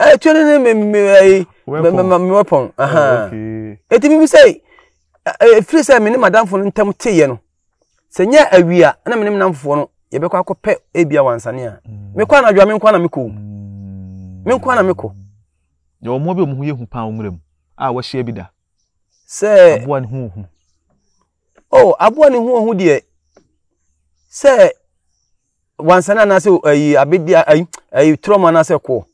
ɛɛ tuo no ne mɛ mɛ mɛ wɔpɔn ɛti mi bi sɛ ɛfiri sɛ mi ne madamfo no ntɛm teyɛ no sɛ nyɛ awia na menem namfoɔ no yɛbɛkɔ akɔpɛ ebia wansane a mm. mekɔ anadwoa menkɔ na mekɔ mm. menkɔ na mekɔ yɛwɔ mmoa bi ɔmo ho yɛ hu paa wo mmerɛ mu a wɔahyia bi da sɛ aboa ne ho ohu o aboa ne ho ohu deɛ sɛ wansane anaasɛ ayi abedi ayi ayi trɔm anaasɛ kɔ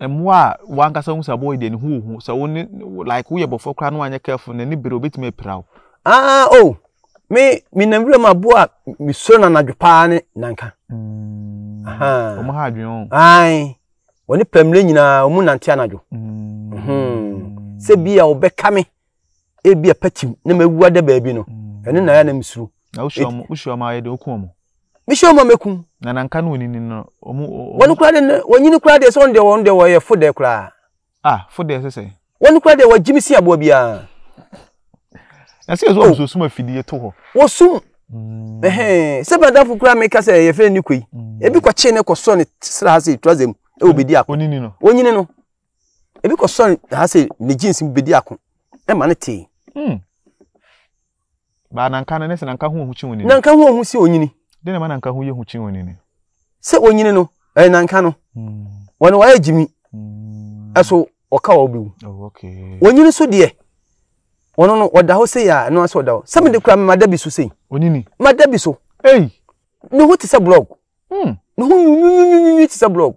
mmoa a wankasa ho sɛ yi deɛ ne ho ohu sɛ wo ne like woyɛ bɔfɔ koraa no wanyɛ careful na ne bere obɛtumi apira wo aa o. Oh me menam wura mu aboɔ a mesoro no anadwo paa ne nanka ɔmo mm. ha adwene ai, ae wɔne pamire nyinaa ɔmo nante anadwo mm. mhm. sɛ bi a wɔbɛka me ebi a patim na mawua da baabi no mm. ɛno na ɛyɛ na mesuro na wohyɛ ɔmo ayɛ de wokum ɔmo mehyɛ ɔmo a mɛkum na nanka no wɔnini no ɔmo wɔne koraa de no wɔnyini koraa deɛ sɛ ɔno deɛ wɔn deɛ wɔyɛ fo deɛ koraa ah fo deɛ sɛ sɛ wɔne koraa deɛ wɔgye me si aboɔ na sɛ ɛsɛ oh. ɔmo sum afidie to hɔ. wɔsum mm. sɛ badafo kura mi kasa yɛ fɛn niko yi mm. ebi kɔ kye ne kɔ sɔ ne sra ha se trouser mu ɛwɔ mm. bedi ako onyini no onyini no ebi kɔ sɔ ne ha se ne jeans mu bedi ako ɛma ne tee. baa nanka no ne sɛ nanka ho ohun kyi onyini. nanka ho ohun si onyini. de na ma nanka ho yɛ ohun kyi onyini. sɛ onyini no ɛyɛ nanka no wɔn wɔyɛ gyimi ɛso ɔka wɔ bi wu onyini oh, so deɛ ɔno no ɔda hɔ sei a ɛno asɛ ɔda hɔ sɛ mede kura me mada bi so sei ɔnini mada bi so ei ne ho te sɛ blɔg ne hmm. ho nwinwinwinwi te sɛ blɔg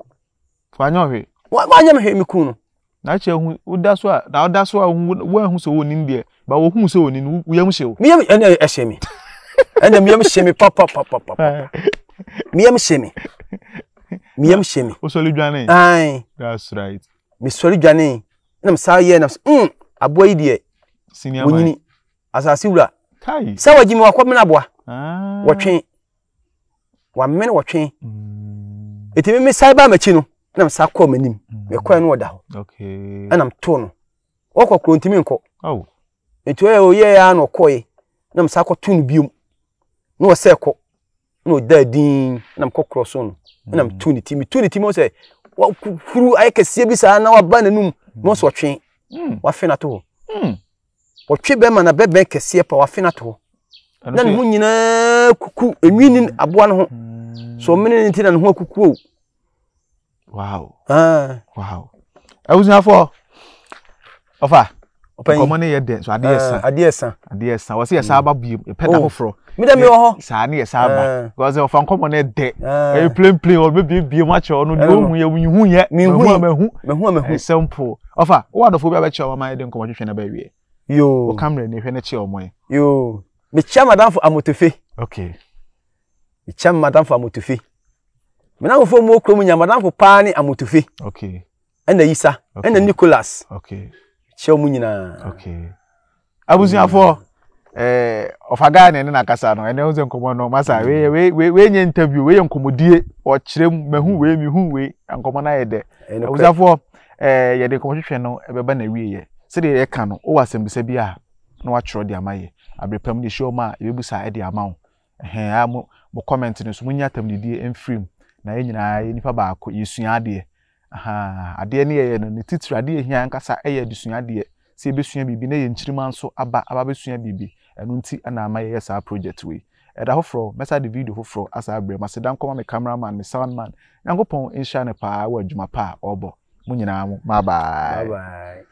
wanyɛ hwee wanyɛ me hwee me kun no n'akyɛ hu woda so a na woda so a woahu sɛ wɔnim deɛ ba wɔhu sɛ wɔnim no woyam hyew meyam ɛnɛ ɛhyɛ me ɛnɛ meyam hyɛ me papapapapa meyam hyɛ me meyam hyɛ me wosɔre dwane ae that's right mesɔre dwane nam saa yɛ nam mm, aboa yi deɛ wonyini asase wura sɛ wagyimi wakɔmena aboa ah. wɔtwe wamene wɔtwe ɛti mm. me mesae baa m'akyi no na mesa kɔɔ m'anim mm. mekɔɛ no wɔda hɔ ɛna mtoo no wɔkɔ kuro ntimi nkɔ nti ɔyɛ ɔyɛɛ a na ɔkɔɔɛ na mesa kɔto no biom na ɔsɛ kɔ na ɔda din na mkɔ so no na mto mm. ne ti meto ne ti mu sɛ huru ayɛ kɛseɛ bi saa na waba n'anum na ɔsɛ ɔtwe wafe no ato hɔ wɔtwe bɛrima na bɛbɛn kɛseɛ pa wafe no ato hɔ na ne ho nyinaa kuku enwini mm. aboa no ho mm. so ɔmene no, ti na ne ho akuku o. Ah. abusuafoɔ ɔfa nkɔmɔ ne yɛ dɛ so adeɛ ah, san adeɛ san adeɛ san wɔsi yɛ san aba biem pɛ da oh. foforɔ mi dɛ mi wɔ hɔ saa ne yɛ san aba wɔsi ah. ɔfa nkɔmɔ ne dɛ ɛyɛ plane plane ɔbɛ biem biem akyɛ ɔno deɛ ohun yɛ mihu yɛ mihu yɛ mɛhu mɛhu mɛhu ɛsɛmpo ɔfa wɔn adɔfo bi abɛkyɛ ɔmo ama yɛ de nkɔmɔ twitwi na bɛyɛ wie. Yo, yoo kamara ni hwɛ n'akyi ɔmo yi. yoo mekyia madamfo amotofe. okay. mekyia madamfo amotofe madamfo mu okuro mu nya madamfo paa ne amotofe. okay. ɛna yisa okay. ɛna nicholas. okay. kyia ɔmo nyinaa. okay. abusuafoɔ. Mm. Eh, ɔfa ghana ne nakasa no ɛnɛ sɛ nkɔmmɔ no masa mm. weyɛ interview weyɛ nkɔmmɔdie ɔkyerɛ mu mahu wei mehu wei nkɔmmɔ no ayɛ dɛ abusafoɔ eh, yɛde nkɔmmɔhwehwɛ no ɛbɛba na wieɛ sɛdeɛ yɛka no wowɔ asɛmbisa bi a na woatwerɛ de ama yɛ aberɛpam de hyia ɔma a yɛbɛbusa de ama wo a mo mo comment no so monya atamdidie mfiri mu na yɛn nyinaa yɛ nipa baako yɛsua adeɛ adeɛ no yɛyɛ no ne titiri adeɛ hia ankasa yɛ adesua adeɛ sɛ yɛbɛsua biribi na yɛ nkyirima nso aba aba bɛsua biribi ɛno nti ɛna ama yɛyɛ saa project wei ɛda foforɔ mɛsa de video foforɔ asa abrɛ ma sɛ da nkɔma me cameraman me soundman nyankopɔn nhyira ne paa wɔ adwuma pa a ɔrebɔ mo nyinaa mo mabae